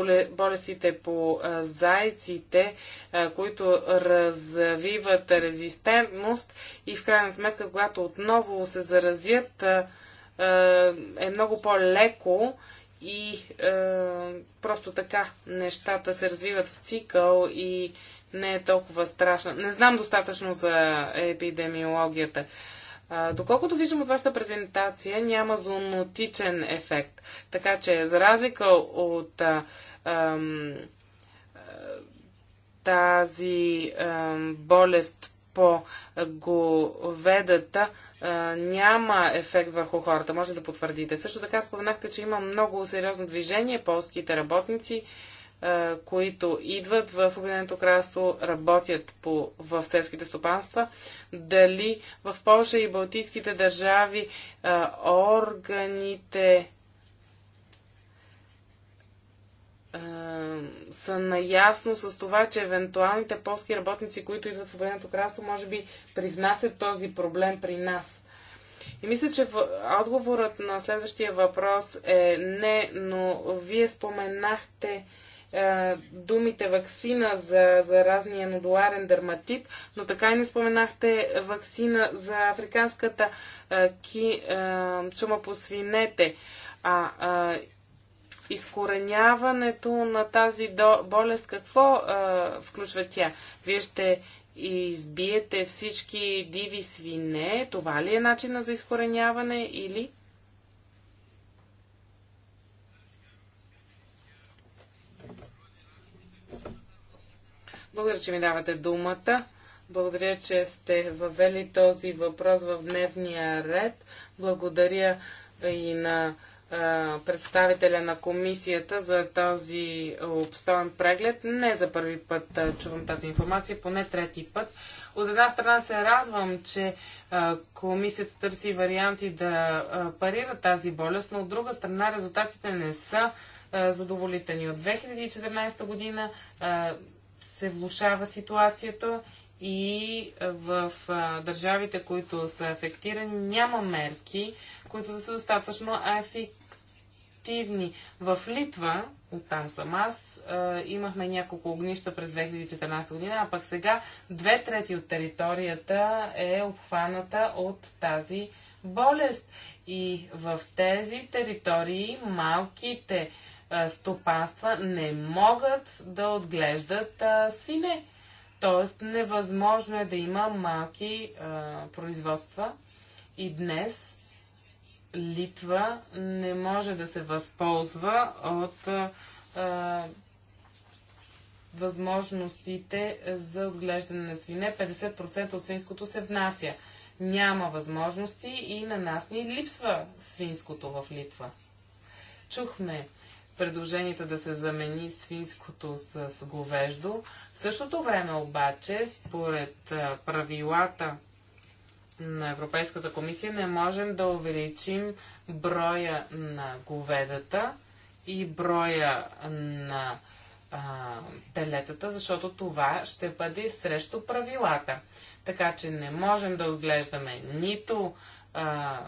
е, болестите по е, зайците, е, които развиват резистентност и в крайна сметка, когато отново се заразят, е, е, е много по-леко и е, просто така нещата се развиват в цикъл и не е толкова страшно. Не знам достатъчно за епидемиологията доколкото виждам от вашата презентация, няма зонотичен ефект. Така че, за разлика от а, а, тази а, болест по говедата няма ефект върху хората. Може да потвърдите. Също така споменахте, че има много сериозно движение. Полските работници които идват в Обединеното кралство, работят по, в селските стопанства, дали в Польша и Балтийските държави а, органите а, са наясно с това, че евентуалните полски работници, които идват в Обединеното кралство, може би привнасят този проблем при нас. И мисля, че отговорът на следващия въпрос е не, но вие споменахте, е, думите вакцина за разния нодуарен дерматит, но така и не споменахте вакцина за африканската е, ки, е, чума по свинете. А, а изкореняването на тази до, болест, какво а, включва тя? Вие ще избиете всички диви свине, това ли е начина за изкореняване или? Благодаря, че ми давате думата. Благодаря, че сте въвели този въпрос в дневния ред. Благодаря и на представителя на комисията за този обстоен преглед. Не за първи път чувам тази информация, поне трети път. От една страна се радвам, че комисията търси варианти да парира тази болест, но от друга страна резултатите не са задоволителни. От 2014 година се влушава ситуацията и в държавите, които са афектирани, няма мерки, които да са достатъчно ефективни. В Литва, оттам съм аз, имахме няколко огнища през 2014 година, а пък сега две трети от територията е обхваната от тази болест. И в тези територии малките стопанства не могат да отглеждат а, свине. Тоест невъзможно е да има малки а, производства. И днес Литва не може да се възползва от а, а, възможностите за отглеждане на свине. 50% от свинското се внася. Няма възможности и на нас ни липсва свинското в Литва. Чухме предложението да се замени свинското с говеждо. В същото време обаче, според правилата на Европейската комисия, не можем да увеличим броя на говедата и броя на телетата, защото това ще бъде срещу правилата. Така че не можем да отглеждаме нито а,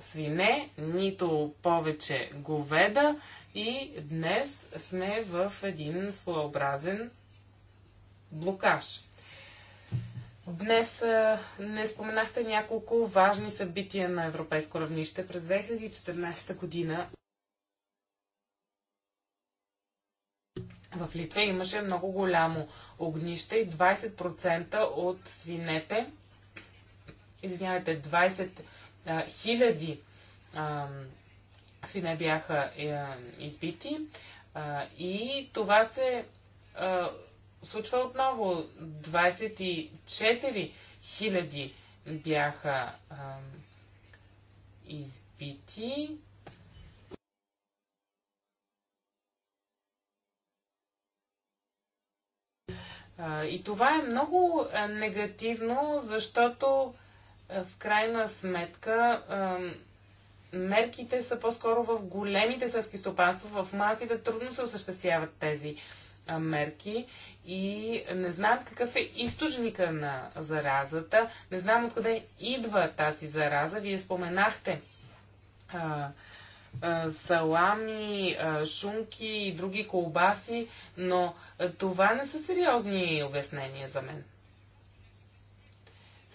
свине, нито повече говеда и днес сме в един своеобразен блокаж. Днес не споменахте няколко важни събития на европейско равнище през 2014 година. В Литва имаше много голямо огнище и 20% от свинете, извинявайте, 20% а, хиляди а, свине бяха а, е, избити а, и това се а, случва отново. 24 хиляди бяха а, избити. И това е много негативно, защото в крайна сметка мерките са по-скоро в големите селски стопанства, в малките трудно се осъществяват тези мерки и не знам какъв е източника на заразата, не знам откъде идва тази зараза. Вие споменахте а, а, салами, а, шунки и други колбаси, но това не са сериозни обяснения за мен.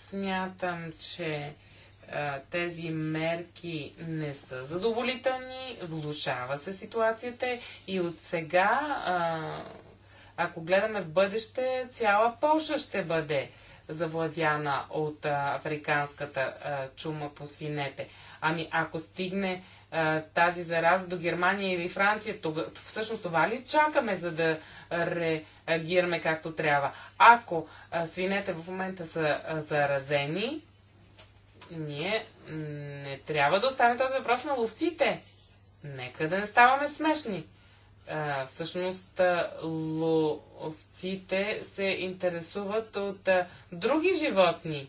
Смятам, че а, тези мерки не са задоволителни, влушава се ситуацията и от сега, а, ако гледаме в бъдеще, цяла Польша ще бъде завладяна от а, африканската чума по свинете. Ами ако стигне тази зараза до Германия или Франция. Тога, всъщност това ли чакаме, за да реагираме както трябва? Ако а, свинете в момента са а, заразени, ние не трябва да оставим този въпрос на ловците. Нека да не ставаме смешни. А, всъщност ловците се интересуват от а, други животни.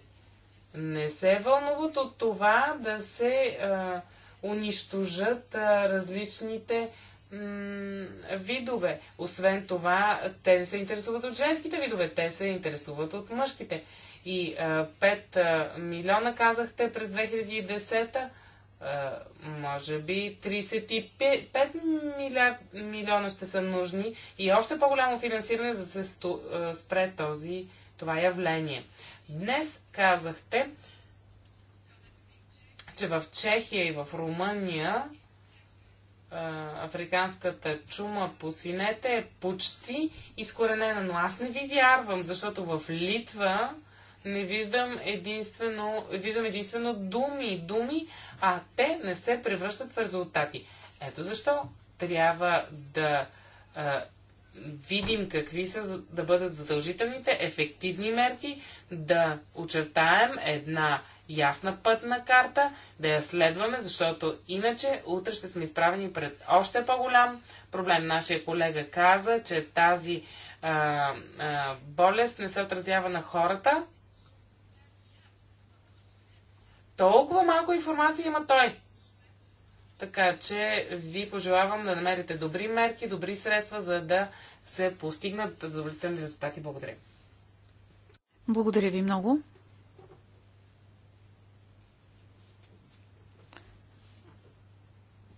Не се вълнуват от това да се а, унищожат а, различните видове. Освен това, те не се интересуват от женските видове, те се интересуват от мъжките. И а, 5 а, милиона казахте през 2010 та може би 35 милиар, милиона ще са нужни и още по-голямо финансиране, за да се спре този, това явление. Днес казахте, че в Чехия и в Румъния африканската чума по свинете е почти изкоренена, но аз не ви вярвам, защото в Литва не виждам единствено, виждам единствено думи, думи, а те не се превръщат в резултати. Ето защо трябва да а, видим какви са да бъдат задължителните ефективни мерки, да очертаем една ясна пътна карта, да я следваме, защото иначе утре ще сме изправени пред още по-голям проблем. Нашия колега каза, че тази а, а, болест не се отразява на хората. Толкова малко информация има той. Така че ви пожелавам да намерите добри мерки, добри средства, за да се постигнат задоволителни резултати. Благодаря. Благодаря ви много.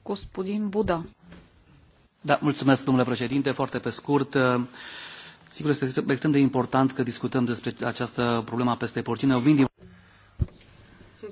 Господин Buda. Da, mulțumesc, domnule președinte. Foarte pe scurt, sigur este extrem de important că discutăm despre această problemă peste pestei porcine.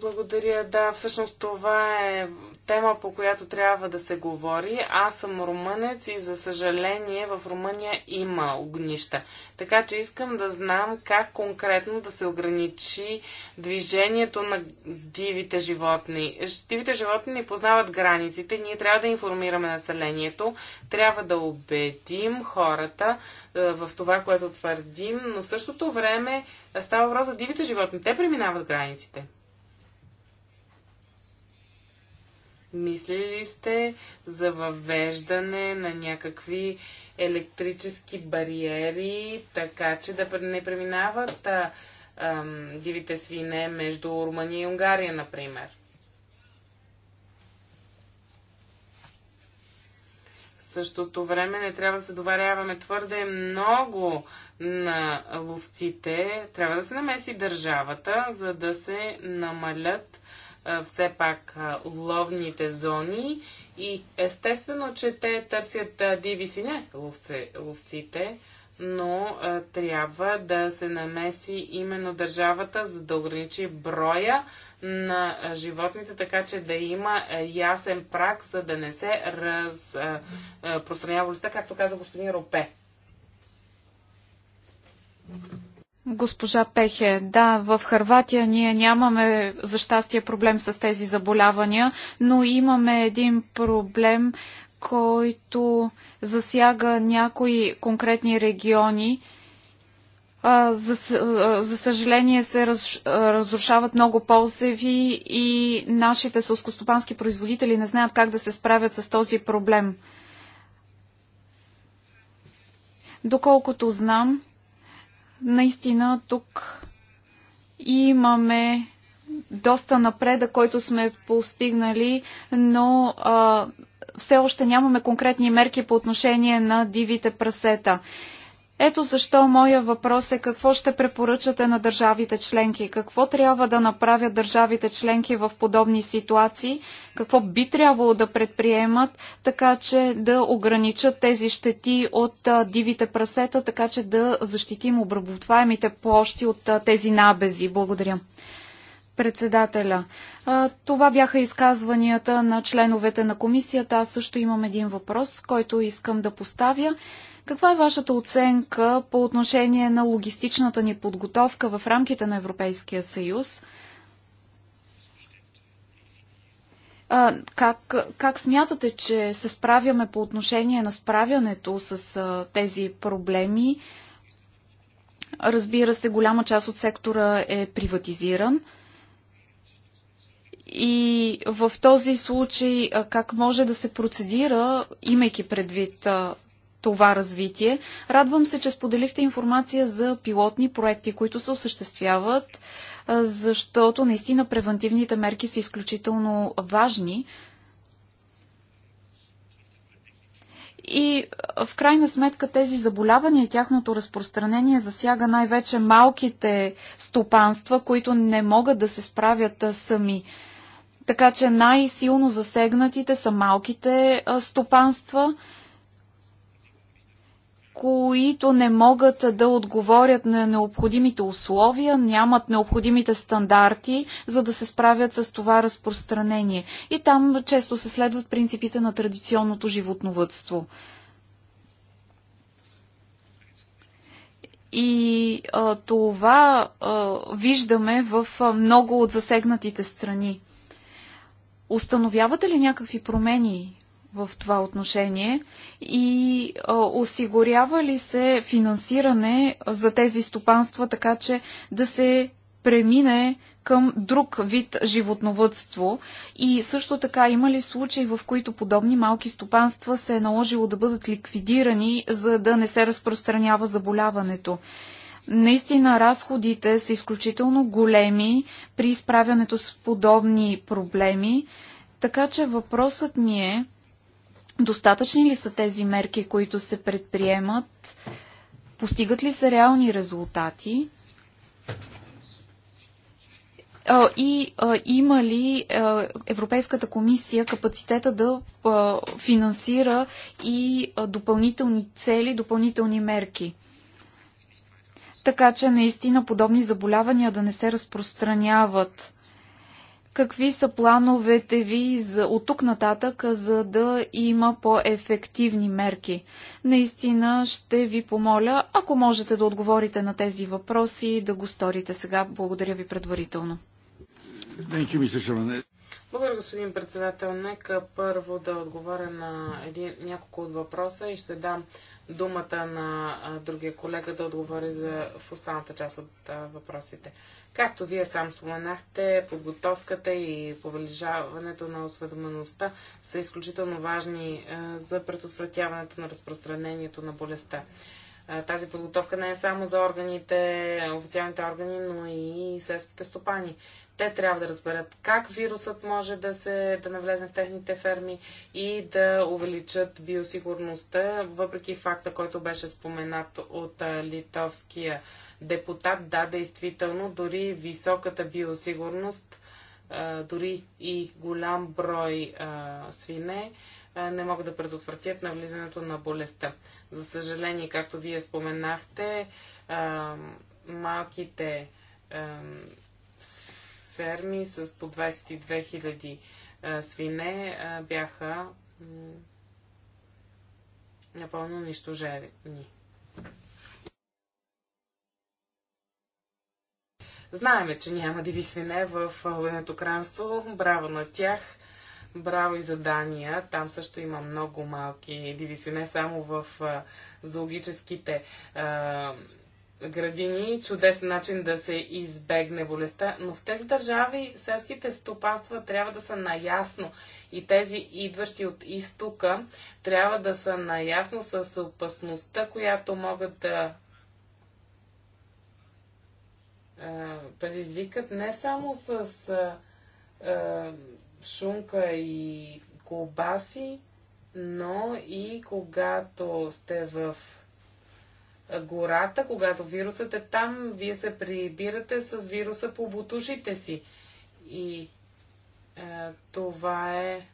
Благодаря. Да, всъщност това е тема, по която трябва да се говори. Аз съм румънец и за съжаление в Румъния има огнища. Така че искам да знам как конкретно да се ограничи движението на дивите животни. Дивите животни не познават границите. Ние трябва да информираме населението, трябва да убедим хората е, в това, което твърдим, но в същото време става въпрос за дивите животни. Те преминават границите. Мислили ли сте за въвеждане на някакви електрически бариери, така че да не преминават а, а, дивите свине между Румъния и Унгария, например? В същото време не трябва да се доваряваме твърде много на ловците. Трябва да се намеси държавата, за да се намалят все пак ловните зони и естествено, че те търсят диви сине ловците, но а, трябва да се намеси именно държавата, за да ограничи броя на животните, така че да има ясен прак, за да не се разпространява болестта, както каза господин Ропе. Госпожа Пехе, да, в Харватия ние нямаме за щастие проблем с тези заболявания, но имаме един проблем, който засяга някои конкретни региони. За, за съжаление се раз, разрушават много ползеви и нашите сълскостопански производители не знаят как да се справят с този проблем. Доколкото знам, Наистина тук имаме доста напреда, който сме постигнали, но а, все още нямаме конкретни мерки по отношение на дивите прасета. Ето защо моя въпрос е какво ще препоръчате на държавите членки, какво трябва да направят държавите членки в подобни ситуации, какво би трябвало да предприемат, така че да ограничат тези щети от а, дивите прасета, така че да защитим обработваемите площи от а, тези набези. Благодаря председателя. Това бяха изказванията на членовете на комисията. Аз също имам един въпрос, който искам да поставя. Каква е вашата оценка по отношение на логистичната ни подготовка в рамките на Европейския съюз? А, как, как смятате, че се справяме по отношение на справянето с а, тези проблеми? Разбира се, голяма част от сектора е приватизиран. И в този случай как може да се процедира, имайки предвид това развитие. Радвам се, че споделихте информация за пилотни проекти, които се осъществяват, защото наистина превентивните мерки са изключително важни. И в крайна сметка тези заболявания, тяхното разпространение засяга най-вече малките стопанства, които не могат да се справят сами. Така че най-силно засегнатите са малките стопанства които не могат да отговорят на необходимите условия, нямат необходимите стандарти, за да се справят с това разпространение. И там често се следват принципите на традиционното животновътство. И а, това а, виждаме в а, много от засегнатите страни. Установявате ли някакви промени в това отношение и а, осигурява ли се финансиране за тези стопанства, така че да се премине към друг вид животновътство и също така има ли случаи, в които подобни малки стопанства се е наложило да бъдат ликвидирани, за да не се разпространява заболяването? Наистина разходите са изключително големи при изправянето с подобни проблеми, така че въпросът ми е Достатъчни ли са тези мерки, които се предприемат? Постигат ли се реални резултати? И има ли Европейската комисия капацитета да финансира и допълнителни цели, допълнителни мерки? Така че наистина подобни заболявания да не се разпространяват Какви са плановете ви за, от тук нататък, за да има по-ефективни мерки? Наистина ще ви помоля, ако можете да отговорите на тези въпроси, да го сторите сега. Благодаря ви предварително. Благодаря, господин председател. Нека първо да отговоря на един, няколко от въпроса и ще дам думата на другия колега да отговори за, в останата част от а, въпросите. Както вие сам споменахте, подготовката и повелижаването на осведомеността са изключително важни а, за предотвратяването на разпространението на болестта. А, тази подготовка не е само за органите, официалните органи, но и селските стопани. Те трябва да разберат как вирусът може да, се, да навлезе в техните ферми и да увеличат биосигурността, въпреки факта, който беше споменат от литовския депутат. Да, действително, дори високата биосигурност, дори и голям брой свине, не могат да предотвратят навлизането на болестта. За съжаление, както вие споменахте, малките ферми с по 22 000 свине бяха напълно унищожени. Знаеме, че няма диви свине в Обединеното Кранство, Браво на тях. Браво и за Дания. Там също има много малки диви свине, само в зоологическите градини, чудесен начин да се избегне болестта, но в тези държави селските стопанства трябва да са наясно и тези идващи от изтока трябва да са наясно с опасността, която могат да предизвикат не само с шунка и колбаси, но и когато сте в гората, когато вирусът е там, вие се прибирате с вируса по бутушите си. И е, това е,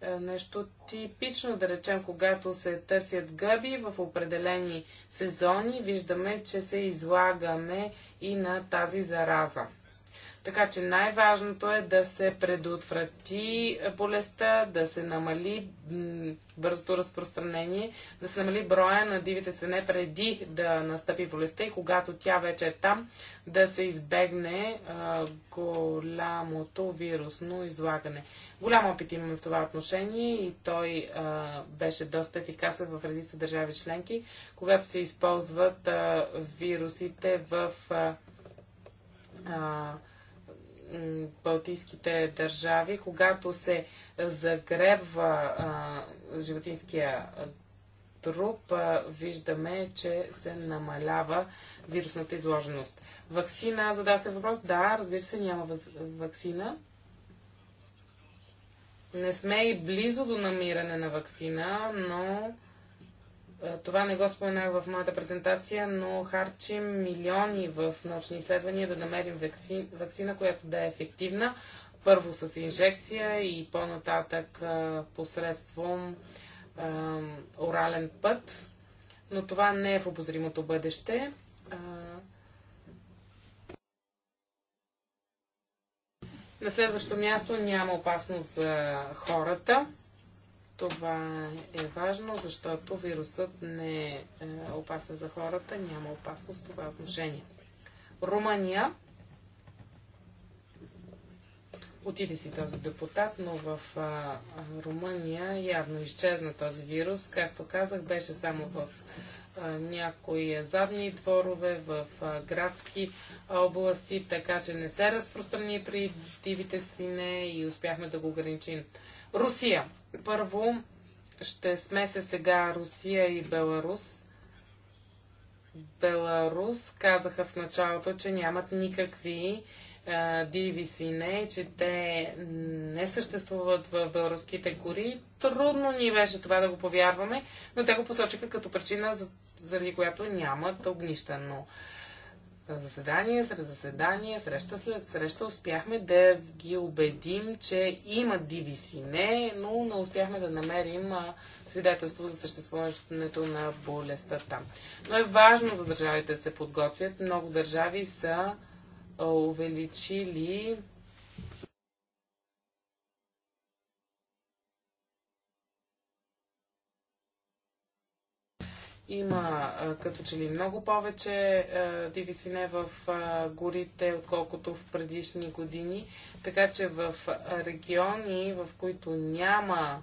е нещо типично, да речем, когато се търсят гъби в определени сезони, виждаме, че се излагаме и на тази зараза. Така че най-важното е да се предотврати болестта, да се намали бързото разпространение, да се намали броя на дивите свине преди да настъпи болестта и когато тя вече е там, да се избегне а, голямото вирусно излагане. Голям опит имаме в това отношение и той а, беше доста ефикасен в редица държави членки, когато се използват а, вирусите в. А, а, балтийските държави, когато се загребва а, животинския труп, а, виждаме, че се намалява вирусната изложеност. Ваксина, задавате въпрос? Да, разбира се, няма въз... вакцина. Не сме и близо до намиране на вакцина, но е, това не го споменах в моята презентация, но харчим милиони в научни изследвания да намерим вакци... вакцина, която да е ефективна. Първо с инжекция и по-нататък е, посредством а, е, орален път, но това не е в обозримото бъдеще. А, на следващо място няма опасност за хората. Това е важно, защото вирусът не е, е опасен за хората, няма опасност в това отношение. Румъния. Отиде си този депутат, но в а, Румъния явно изчезна този вирус. Както казах, беше само в а, някои задни дворове, в а, градски области, така че не се разпространи при дивите свине и успяхме да го ограничим. Русия. Първо ще се сега Русия и Беларус. Беларус казаха в началото, че нямат никакви а, е, диви свине, че те не съществуват в беларуските гори. Трудно ни беше това да го повярваме, но те го посочиха като причина, заради която нямат огнища. Но заседание след заседание, среща след среща, успяхме да ги убедим, че има диви свине, но не успяхме да намерим свидетелство за съществуването на болестта там. Но е важно за държавите да се подготвят. Много държави са увеличили Има а, като че ли много повече а, диви свине в а, горите, отколкото в предишни години. Така че в региони, в които няма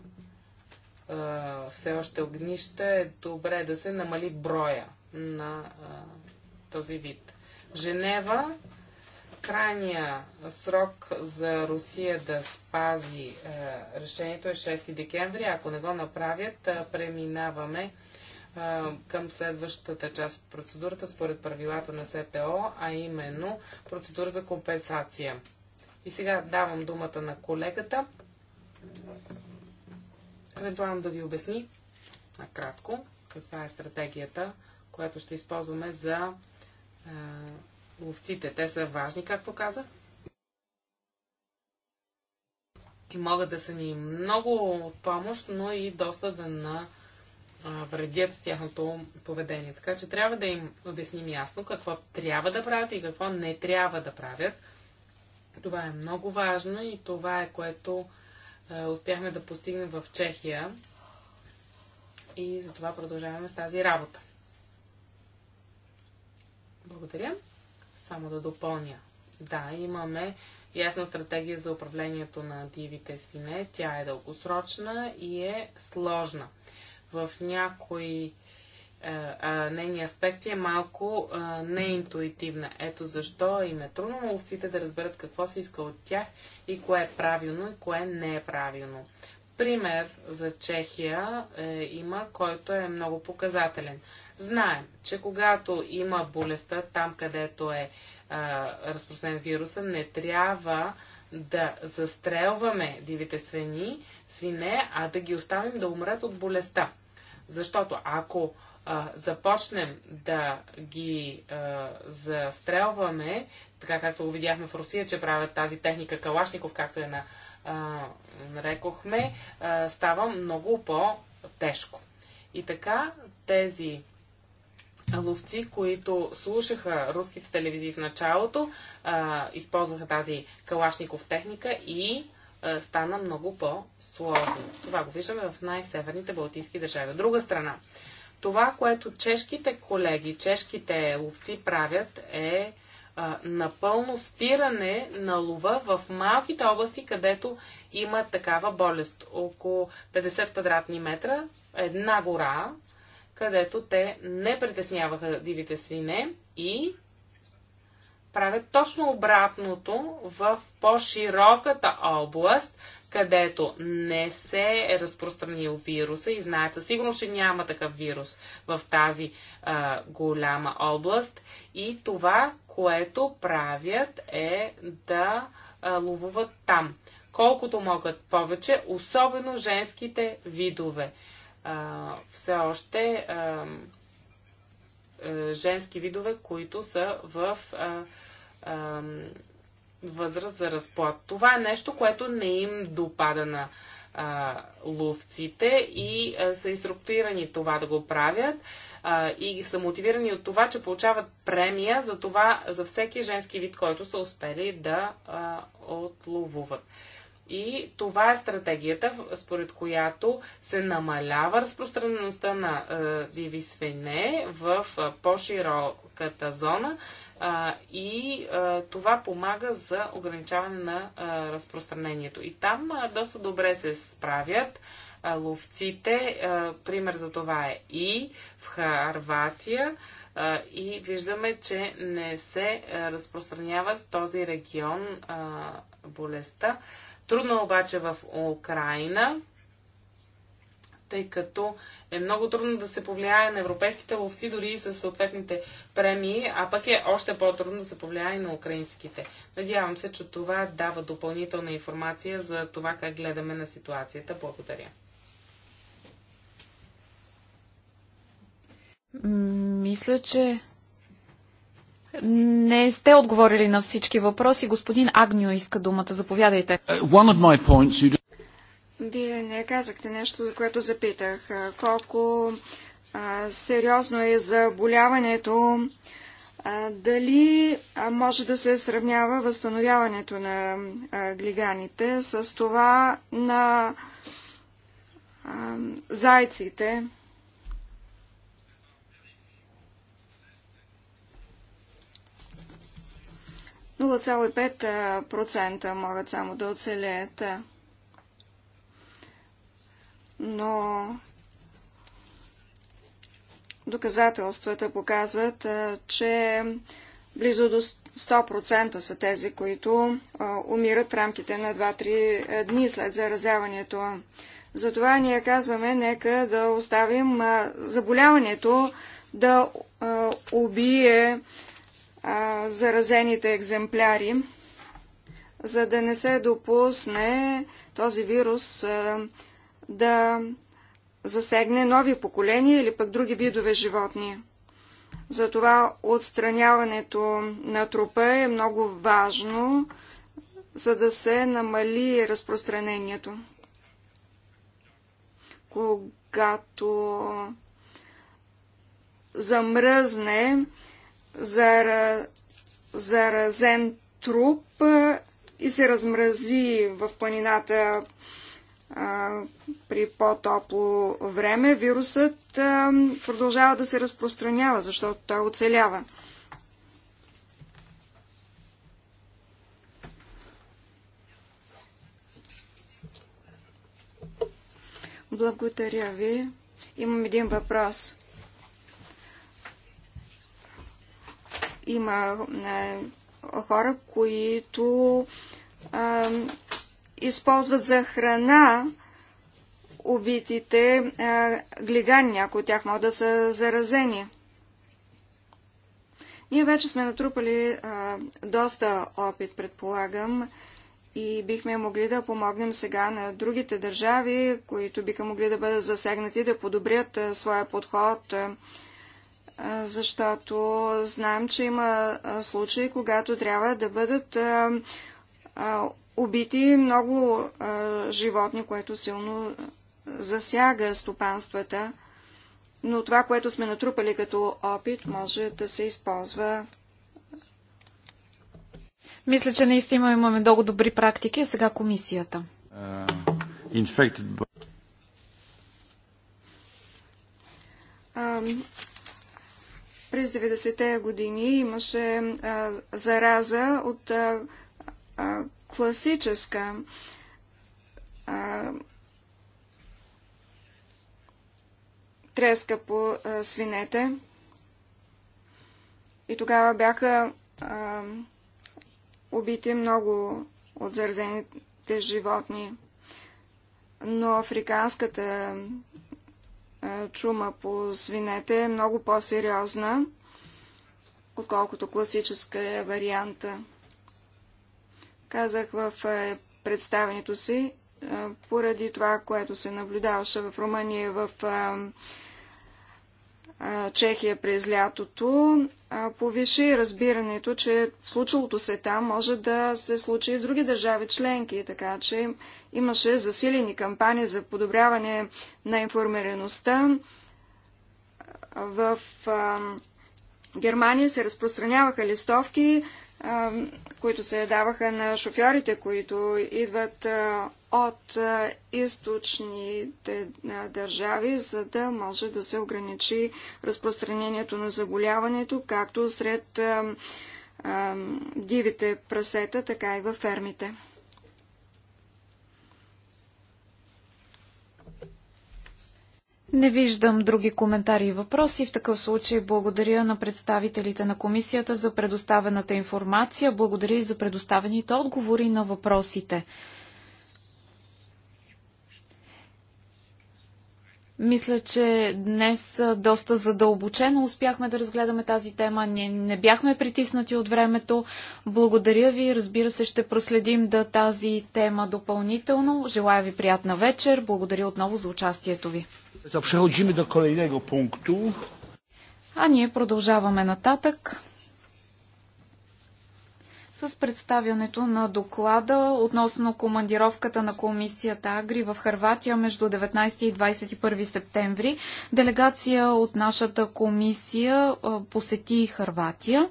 все още огнища, е добре да се намали броя на този вид. Женева, крайния срок за Русия да спази решението е 6 декември. Ако не го направят, преминаваме към следващата част от процедурата според правилата на СТО, а именно процедура за компенсация. И сега давам думата на колегата, евентуално да ви обясни накратко каква е стратегията, която ще използваме за е, ловците. Те са важни, както казах. И могат да са ни много помощ, но и доста да на вредят с тяхното поведение. Така че трябва да им обясним ясно какво трябва да правят и какво не трябва да правят. Това е много важно и това е което а, успяхме да постигнем в Чехия и затова продължаваме с тази работа. Благодаря. Само да допълня. Да, имаме ясна стратегия за управлението на дивите свине. Тя е дългосрочна и е сложна – в някои а, е, а, е, нейни аспекти е малко а, е, неинтуитивна. Ето защо им е трудно на овците да разберат какво се иска от тях и кое е правилно и кое не е правилно. Пример за Чехия е, има, който е много показателен. Знаем, че когато има болестта там, където е а, разпространен вируса, не трябва да застрелваме дивите свини, свине, а да ги оставим да умрат от болестта. Защото ако а, започнем да ги а, застрелваме, така както го видяхме в Русия, че правят тази техника Калашников, както е на, а, нарекохме, а, става много по-тежко. И така тези ловци, които слушаха руските телевизии в началото, а, използваха тази калашников техника и е, стана много по-сложно. Това го виждаме в най-северните балтийски държави. От друга страна, това, което чешките колеги, чешките ловци правят е, е напълно спиране на лова в малките области, където има такава болест. Около 50 квадратни метра, една гора, където те не притесняваха дивите свине и правят точно обратното в по-широката област, където не се е разпространил вируса и знаят със сигурност, че няма такъв вирус в тази а, голяма област. И това, което правят е да а, ловуват там. Колкото могат повече, особено женските видове. А, все още. А, е, женски видове, които са в а, а, възраст за разплод. Това е нещо, което не им допада на а, ловците и а, са инструктирани това да го правят а, и са мотивирани от това, че получават премия за това, за всеки женски вид, който са успели да а, отловуват. И това е стратегията, според която се намалява разпространеността на е, диви свине в е, по-широката зона и е, това помага за ограничаване на разпространението. И там доста добре се справят ловците. Пример за това е и в Харватия и виждаме, че не се разпространява в този регион а, болестта. Трудно е обаче в Украина, тъй като е много трудно да се повлияе на европейските ловци, дори и с съответните премии, а пък е още по-трудно да се повлияе и на украинските. Надявам се, че това дава допълнителна информация за това как гледаме на ситуацията. Благодаря. Мисля, че не сте отговорили на всички въпроси. Господин Агньо иска думата. Заповядайте. Uh, you... Вие не казахте нещо, за което запитах. Колко а, сериозно е заболяването? А, дали може да се сравнява възстановяването на а, глиганите с това на зайците? 0,5% могат само да оцелеят. Но доказателствата показват, че близо до 100% са тези, които умират в рамките на 2-3 дни след заразяването. Затова ние казваме, нека да оставим заболяването да убие а, заразените екземпляри, за да не се допусне този вирус а, да засегне нови поколения или пък други видове животни. Затова отстраняването на трупа е много важно, за да се намали разпространението. Когато замръзне зара... заразен труп и се размрази в планината а, при по-топло време, вирусът а, продължава да се разпространява, защото той оцелява. Благодаря ви. Имам един въпрос. Има е, хора, които а, е, използват за храна убитите а, е, глигани. Някои от тях могат да са заразени. Ние вече сме натрупали а, доста опит, предполагам, и бихме могли да помогнем сега на другите държави, които биха могли да бъдат засегнати, да подобрят а, своя подход. А, защото знаем, че има случаи, когато трябва да бъдат убити много животни, което силно засяга стопанствата. Но това, което сме натрупали като опит, може да се използва. Мисля, че наистина имаме много добри практики. Сега комисията. Uh, през 90-те години имаше а, зараза от а, а, класическа а, треска по а, свинете. И тогава бяха а, убити много от заразените животни. Но африканската чума по свинете е много по-сериозна, отколкото класическа е варианта. Казах в е, представенето си, поради това, което се наблюдаваше в Румъния в Чехия през лятото повиши разбирането, че случилото се там може да се случи и в други държави членки, така че имаше засилени кампании за подобряване на информираността. В Германия се разпространяваха листовки които се даваха на шофьорите, които идват от източните държави, за да може да се ограничи разпространението на заболяването, както сред дивите прасета, така и във фермите. Не виждам други коментари и въпроси. В такъв случай благодаря на представителите на комисията за предоставената информация. Благодаря и за предоставените отговори на въпросите. Мисля, че днес доста задълбочено успяхме да разгледаме тази тема. Не, не бяхме притиснати от времето. Благодаря ви. Разбира се, ще проследим да тази тема допълнително. Желая ви приятна вечер. Благодаря отново за участието ви. Przechodzimy do kolejnego punktu. А ние продължаваме нататък с представянето на доклада относно командировката на комисията Агри в Харватия между 19 и 21 септември. Делегация от нашата комисия посети Харватия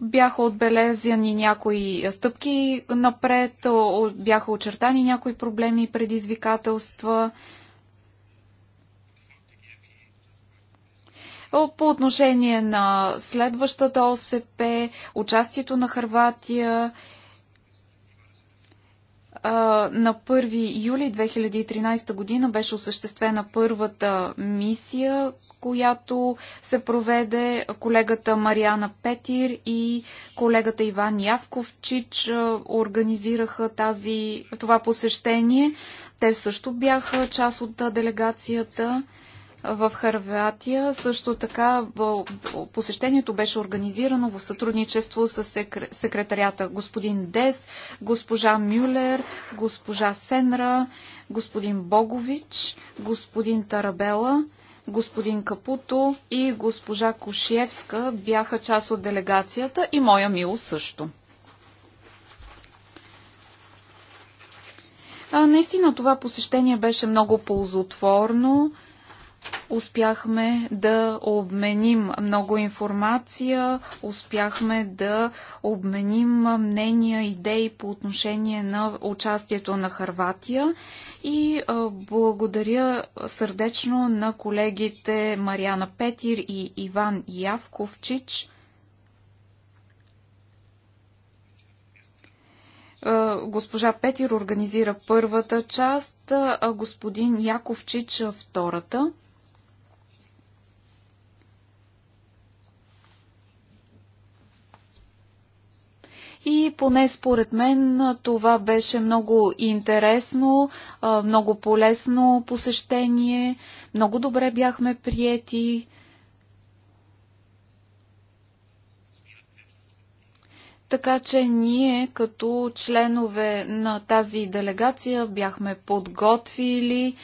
бяха отбелезени някои стъпки напред, бяха очертани някои проблеми и предизвикателства. По отношение на следващата ОСП, участието на Харватия на 1 юли 2013 година беше осъществена първата мисия, която се проведе колегата Мариана Петир и колегата Иван Явковчич организираха тази, това посещение. Те също бяха част от делегацията в Харватия. Също така посещението беше организирано в сътрудничество с секретарията господин Дес, госпожа Мюлер, госпожа Сенра, господин Богович, господин Тарабела, господин Капуто и госпожа Кошиевска бяха част от делегацията и моя мило също. А, наистина това посещение беше много ползотворно успяхме да обменим много информация, успяхме да обменим мнения, идеи по отношение на участието на Харватия и благодаря сърдечно на колегите Мариана Петир и Иван Явковчич. Госпожа Петир организира първата част, господин Яковчич втората. и поне според мен това беше много интересно, много полезно посещение, много добре бяхме приети. Така че ние като членове на тази делегация бяхме подготвили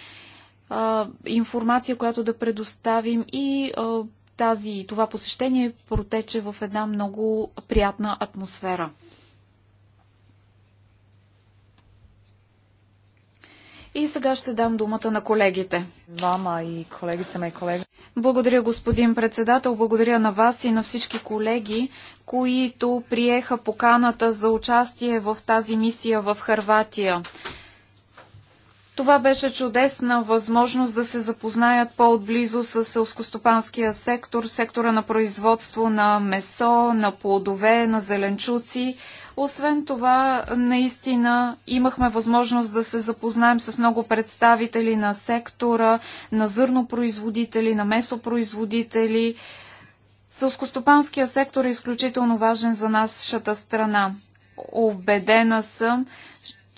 а, информация, която да предоставим и а, тази, това посещение протече в една много приятна атмосфера. И сега ще дам думата на колегите. Вама и колегица и колега. Благодаря, господин председател. Благодаря на вас и на всички колеги, които приеха поканата за участие в тази мисия в Харватия. Това беше чудесна възможност да се запознаят по-отблизо с селскостопанския сектор, сектора на производство на месо, на плодове, на зеленчуци, освен това, наистина имахме възможност да се запознаем с много представители на сектора, на зърнопроизводители, на месопроизводители. Сълскостопанския сектор е изключително важен за нашата страна. Обедена съм,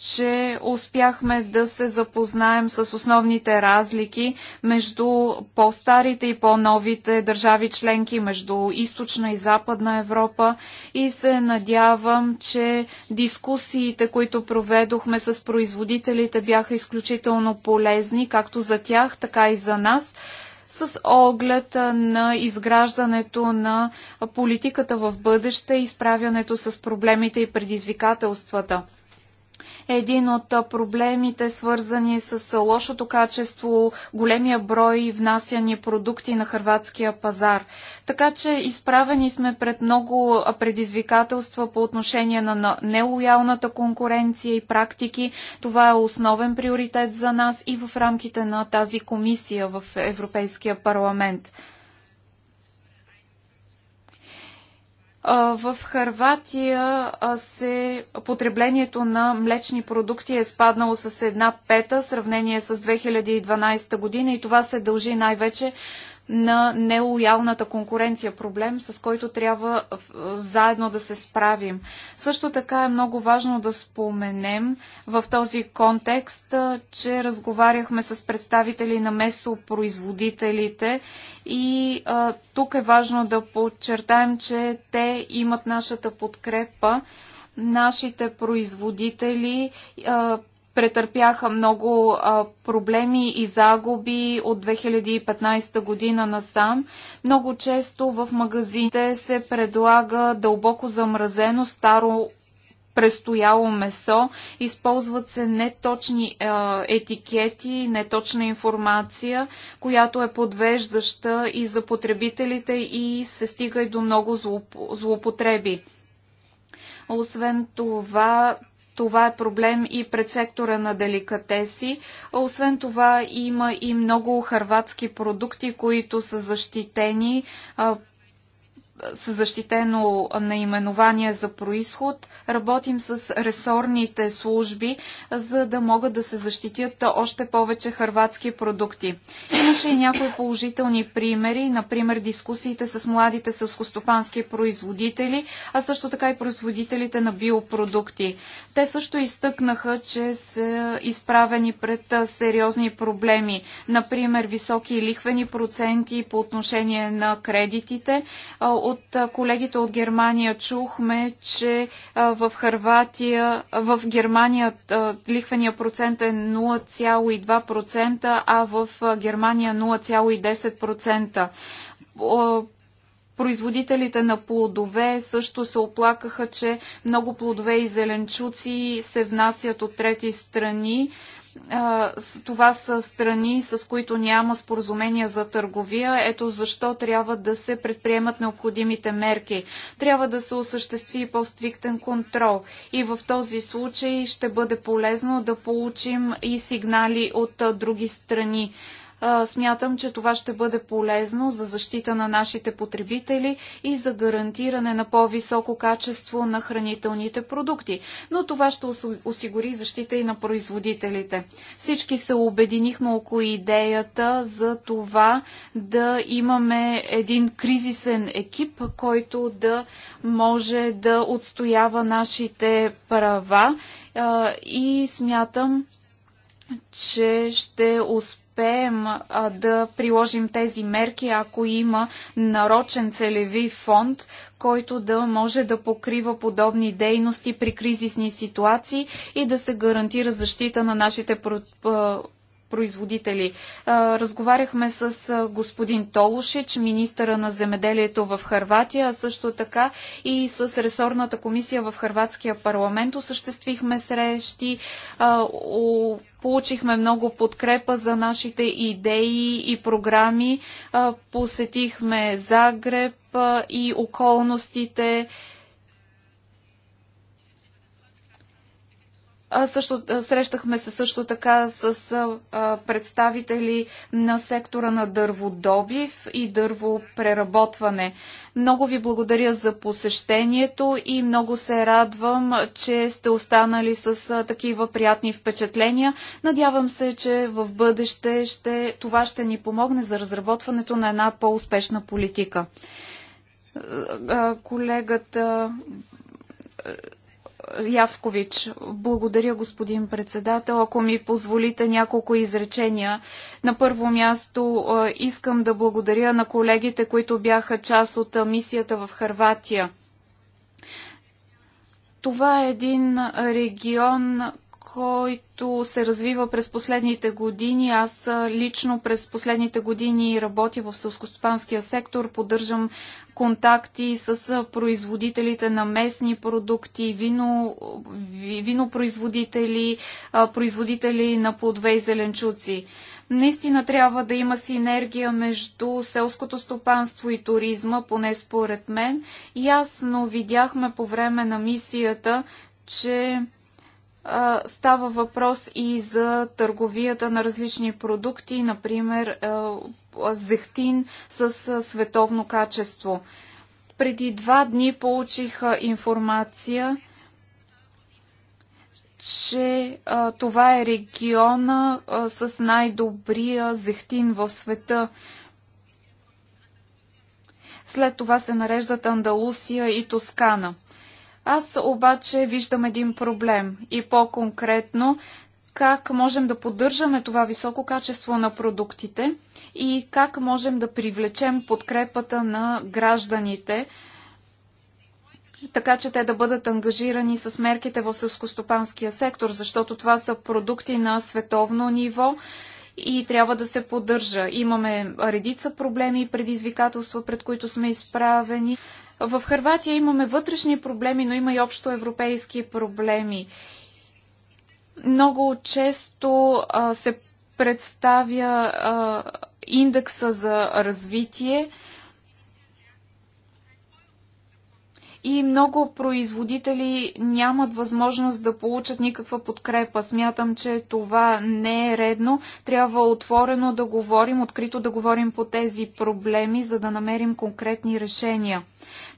че успяхме да се запознаем с основните разлики между по-старите и по-новите държави членки, между източна и западна Европа и се надявам, че дискусиите, които проведохме с производителите бяха изключително полезни, както за тях, така и за нас с оглед на изграждането на политиката в бъдеще и справянето с проблемите и предизвикателствата. Един от проблемите, свързани с лошото качество, големия брой внасяни продукти на хрватския пазар. Така че изправени сме пред много предизвикателства по отношение на нелоялната конкуренция и практики. Това е основен приоритет за нас и в рамките на тази комисия в Европейския парламент. В Харватия се потреблението на млечни продукти е спаднало с една пета в сравнение с 2012 година и това се дължи най-вече на нелоялната конкуренция. Проблем, с който трябва заедно да се справим. Също така е много важно да споменем в този контекст, че разговаряхме с представители на месопроизводителите и а, тук е важно да подчертаем, че те имат нашата подкрепа нашите производители а, претърпяха много а, проблеми и загуби от 2015 година насам. Много често в магазините се предлага дълбоко замразено старо престояло месо, използват се неточни е, етикети, неточна информация, която е подвеждаща и за потребителите и се стига и до много злоп, злоупотреби. Освен това, това е проблем и пред сектора на деликатеси. Освен това има и много харватски продукти, които са защитени с защитено наименование за происход. Работим с ресорните служби, за да могат да се защитят още повече хърватски продукти. Имаше и някои положителни примери, например дискусиите с младите селскостопански производители, а също така и производителите на биопродукти. Те също изтъкнаха, че са изправени пред сериозни проблеми, например високи лихвени проценти по отношение на кредитите, от колегите от Германия чухме, че в Харватия, в Германия лихвения процент е 0,2%, а в Германия 0,10% производителите на плодове също се оплакаха, че много плодове и зеленчуци се внасят от трети страни. Това са страни, с които няма споразумения за търговия. Ето защо трябва да се предприемат необходимите мерки. Трябва да се осъществи по-стриктен контрол. И в този случай ще бъде полезно да получим и сигнали от други страни смятам, че това ще бъде полезно за защита на нашите потребители и за гарантиране на по-високо качество на хранителните продукти. Но това ще осигури защита и на производителите. Всички се обединихме около идеята за това да имаме един кризисен екип, който да може да отстоява нашите права и смятам, че ще успеем успеем а, да приложим тези мерки, ако има нарочен целеви фонд, който да може да покрива подобни дейности при кризисни ситуации и да се гарантира защита на нашите производители. Разговаряхме с господин Толушич, министъра на земеделието в Харватия, а също така и с ресорната комисия в Харватския парламент. Осъществихме срещи, получихме много подкрепа за нашите идеи и програми. Посетихме Загреб и околностите Също, срещахме се също така с а, представители на сектора на дърводобив и дървопреработване. Много ви благодаря за посещението и много се радвам, че сте останали с а, такива приятни впечатления. Надявам се, че в бъдеще ще, това ще ни помогне за разработването на една по-успешна политика. А, колегата Явкович. Благодаря, господин председател. Ако ми позволите няколко изречения. На първо място искам да благодаря на колегите, които бяха част от мисията в Харватия. Това е един регион, който се развива през последните години. Аз лично през последните години работя в сълскостопанския сектор, поддържам контакти с производителите на местни продукти, вино, винопроизводители, производители на плодове и зеленчуци. Наистина трябва да има синергия между селското стопанство и туризма, поне според мен. Ясно видяхме по време на мисията, че Става въпрос и за търговията на различни продукти, например е, зехтин с е, световно качество. Преди два дни получих е, информация, че това е региона с най-добрия зехтин в света. След това се нареждат Андалусия и Тоскана. Аз обаче виждам един проблем и по-конкретно как можем да поддържаме това високо качество на продуктите и как можем да привлечем подкрепата на гражданите, така че те да бъдат ангажирани с мерките в сълскостопанския сектор, защото това са продукти на световно ниво и трябва да се поддържа. Имаме редица проблеми и предизвикателства, пред които сме изправени. В Харватия имаме вътрешни проблеми, но има и общо европейски проблеми. Много често а, се представя а, индекса за развитие и много производители нямат възможност да получат никаква подкрепа. Смятам, че това не е редно. Трябва отворено да говорим, открито да говорим по тези проблеми, за да намерим конкретни решения.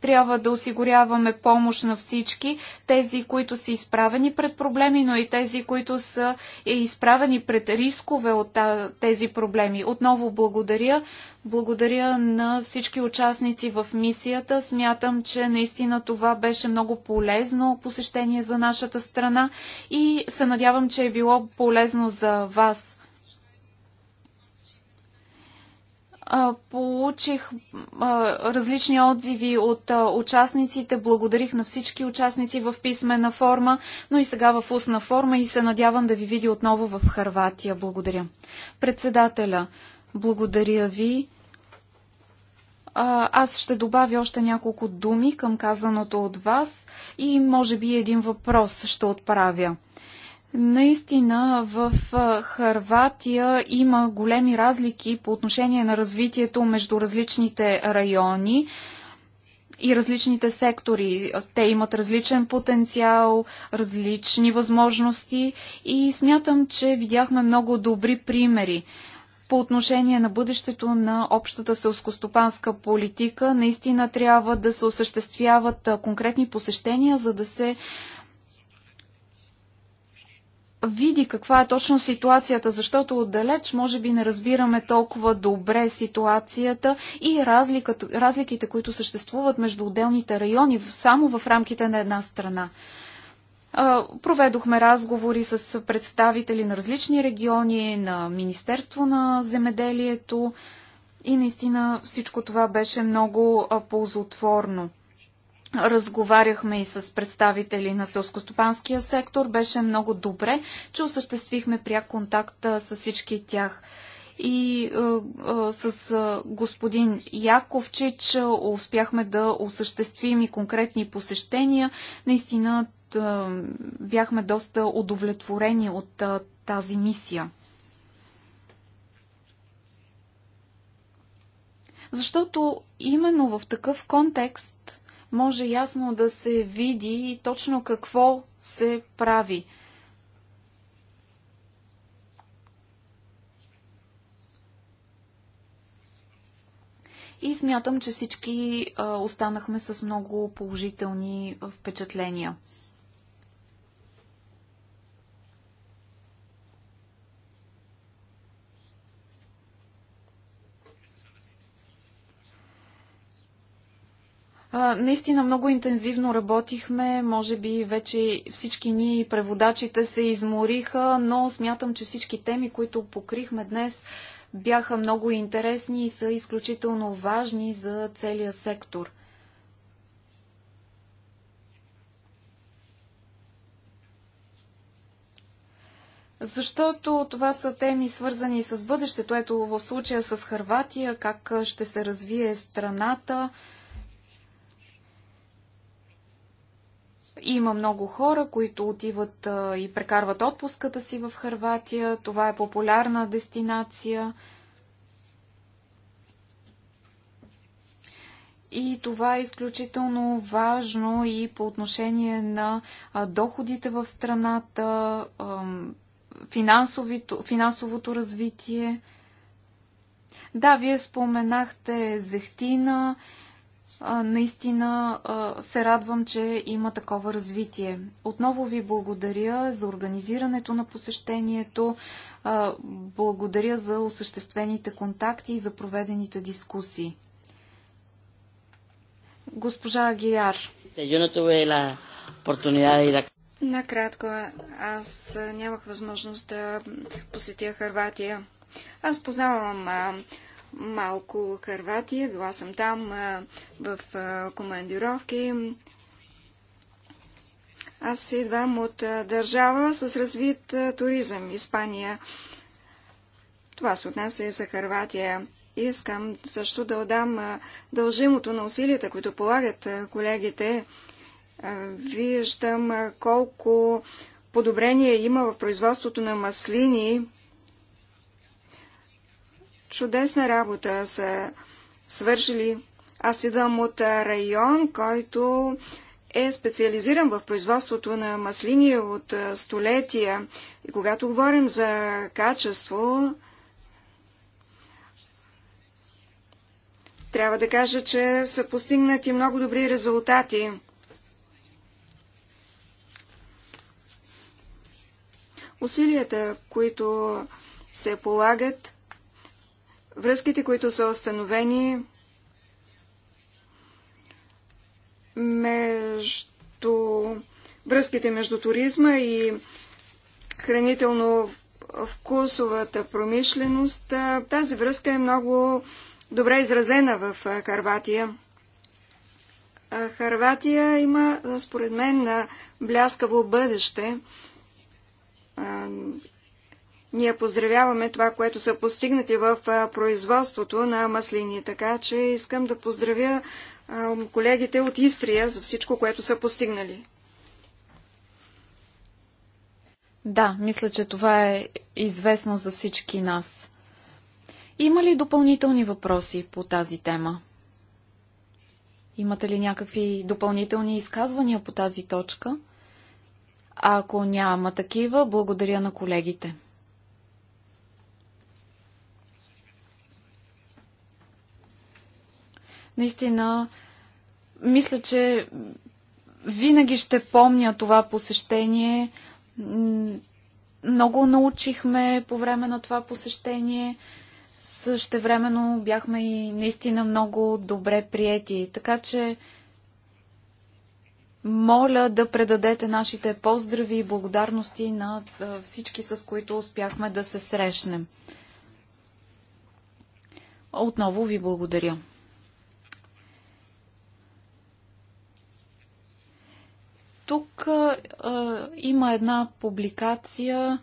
Трябва да осигуряваме помощ на всички, тези, които са изправени пред проблеми, но и тези, които са изправени пред рискове от тези проблеми. Отново благодаря. Благодаря на всички участници в мисията. Смятам, че наистина това беше много полезно посещение за нашата страна и се надявам, че е било полезно за вас. Получих различни отзиви от участниците. Благодарих на всички участници в писмена форма, но и сега в устна форма и се надявам да ви видя отново в Харватия. Благодаря. Председателя, благодаря ви. Аз ще добавя още няколко думи към казаното от вас и може би един въпрос ще отправя. Наистина в Харватия има големи разлики по отношение на развитието между различните райони и различните сектори. Те имат различен потенциал, различни възможности и смятам, че видяхме много добри примери по отношение на бъдещето на общата селскостопанска политика. Наистина трябва да се осъществяват конкретни посещения, за да се види каква е точно ситуацията, защото отдалеч може би не разбираме толкова добре ситуацията и разликите, които съществуват между отделните райони само в рамките на една страна. Проведохме разговори с представители на различни региони, на Министерство на земеделието и наистина всичко това беше много ползотворно. Разговаряхме и с представители на селскостопанския сектор. Беше много добре, че осъществихме пряк контакт с всички тях и а, с господин Яковчич успяхме да осъществим и конкретни посещения. Наистина бяхме доста удовлетворени от а, тази мисия. Защото именно в такъв контекст може ясно да се види точно какво се прави. И смятам, че всички останахме с много положителни впечатления. наистина много интензивно работихме, може би вече всички ние преводачите се измориха, но смятам, че всички теми, които покрихме днес, бяха много интересни и са изключително важни за целия сектор. Защото това са теми свързани с бъдещето. Ето в случая с Харватия, как ще се развие страната. Има много хора, които отиват и прекарват отпуската си в Харватия. Това е популярна дестинация. И това е изключително важно и по отношение на доходите в страната, финансовото развитие. Да, вие споменахте зехтина наистина се радвам, че има такова развитие. Отново ви благодаря за организирането на посещението, благодаря за осъществените контакти и за проведените дискусии. Госпожа Агияр. Накратко, аз нямах възможност да посетя Харватия. Аз познавам малко Харватия. Била съм там в командировки. Аз идвам от държава с развит туризъм, Испания. Това се отнася и за Харватия. Искам също да отдам дължимото на усилията, които полагат колегите. Виждам колко подобрение има в производството на маслини Чудесна работа са свършили. Аз идвам от район, който е специализиран в производството на маслини от столетия. И когато говорим за качество, трябва да кажа, че са постигнати много добри резултати. Усилията, които се полагат, връзките, които са установени между връзките между туризма и хранително-вкусовата промишленост. Тази връзка е много добре изразена в Харватия. Харватия има, според мен, бляскаво бъдеще ние поздравяваме това, което са постигнати в производството на маслини, така че искам да поздравя колегите от Истрия за всичко, което са постигнали. Да, мисля, че това е известно за всички нас. Има ли допълнителни въпроси по тази тема? Имате ли някакви допълнителни изказвания по тази точка? А ако няма такива, благодаря на колегите. Наистина, мисля, че винаги ще помня това посещение. Много научихме по време на това посещение. Същевременно бяхме и наистина много добре приети. Така че моля да предадете нашите поздрави и благодарности на всички, с които успяхме да се срещнем. Отново ви благодаря. Тук а, има една публикация.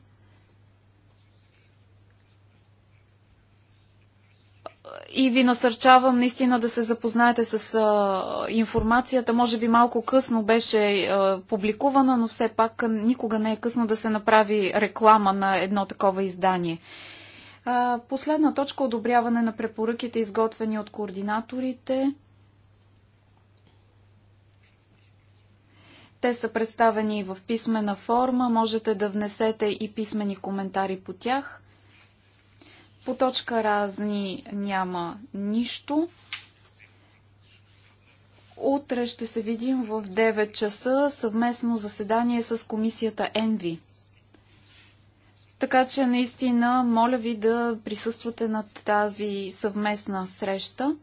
И ви насърчавам наистина да се запознаете с а, информацията. Може би малко късно беше а, публикувана, но все пак никога не е късно да се направи реклама на едно такова издание. А, последна точка одобряване на препоръките, изготвени от координаторите. Те са представени в писмена форма. Можете да внесете и писмени коментари по тях. По точка разни няма нищо. Утре ще се видим в 9 часа съвместно заседание с комисията ЕНВИ. Така че наистина моля ви да присъствате на тази съвместна среща.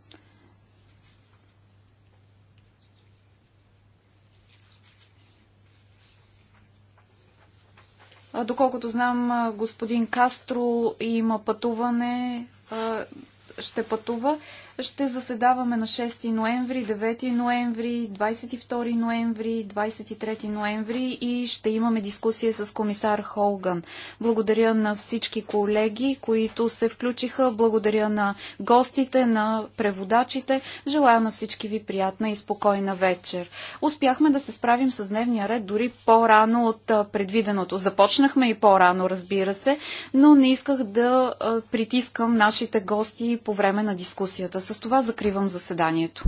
Доколкото знам, господин Кастро има пътуване, ще пътува ще заседаваме на 6 ноември, 9 ноември, 22 ноември, 23 ноември и ще имаме дискусия с комисар Холган. Благодаря на всички колеги, които се включиха. Благодаря на гостите, на преводачите. Желая на всички ви приятна и спокойна вечер. Успяхме да се справим с дневния ред дори по-рано от предвиденото. Започнахме и по-рано, разбира се, но не исках да притискам нашите гости по време на дискусията. С това закривам заседанието.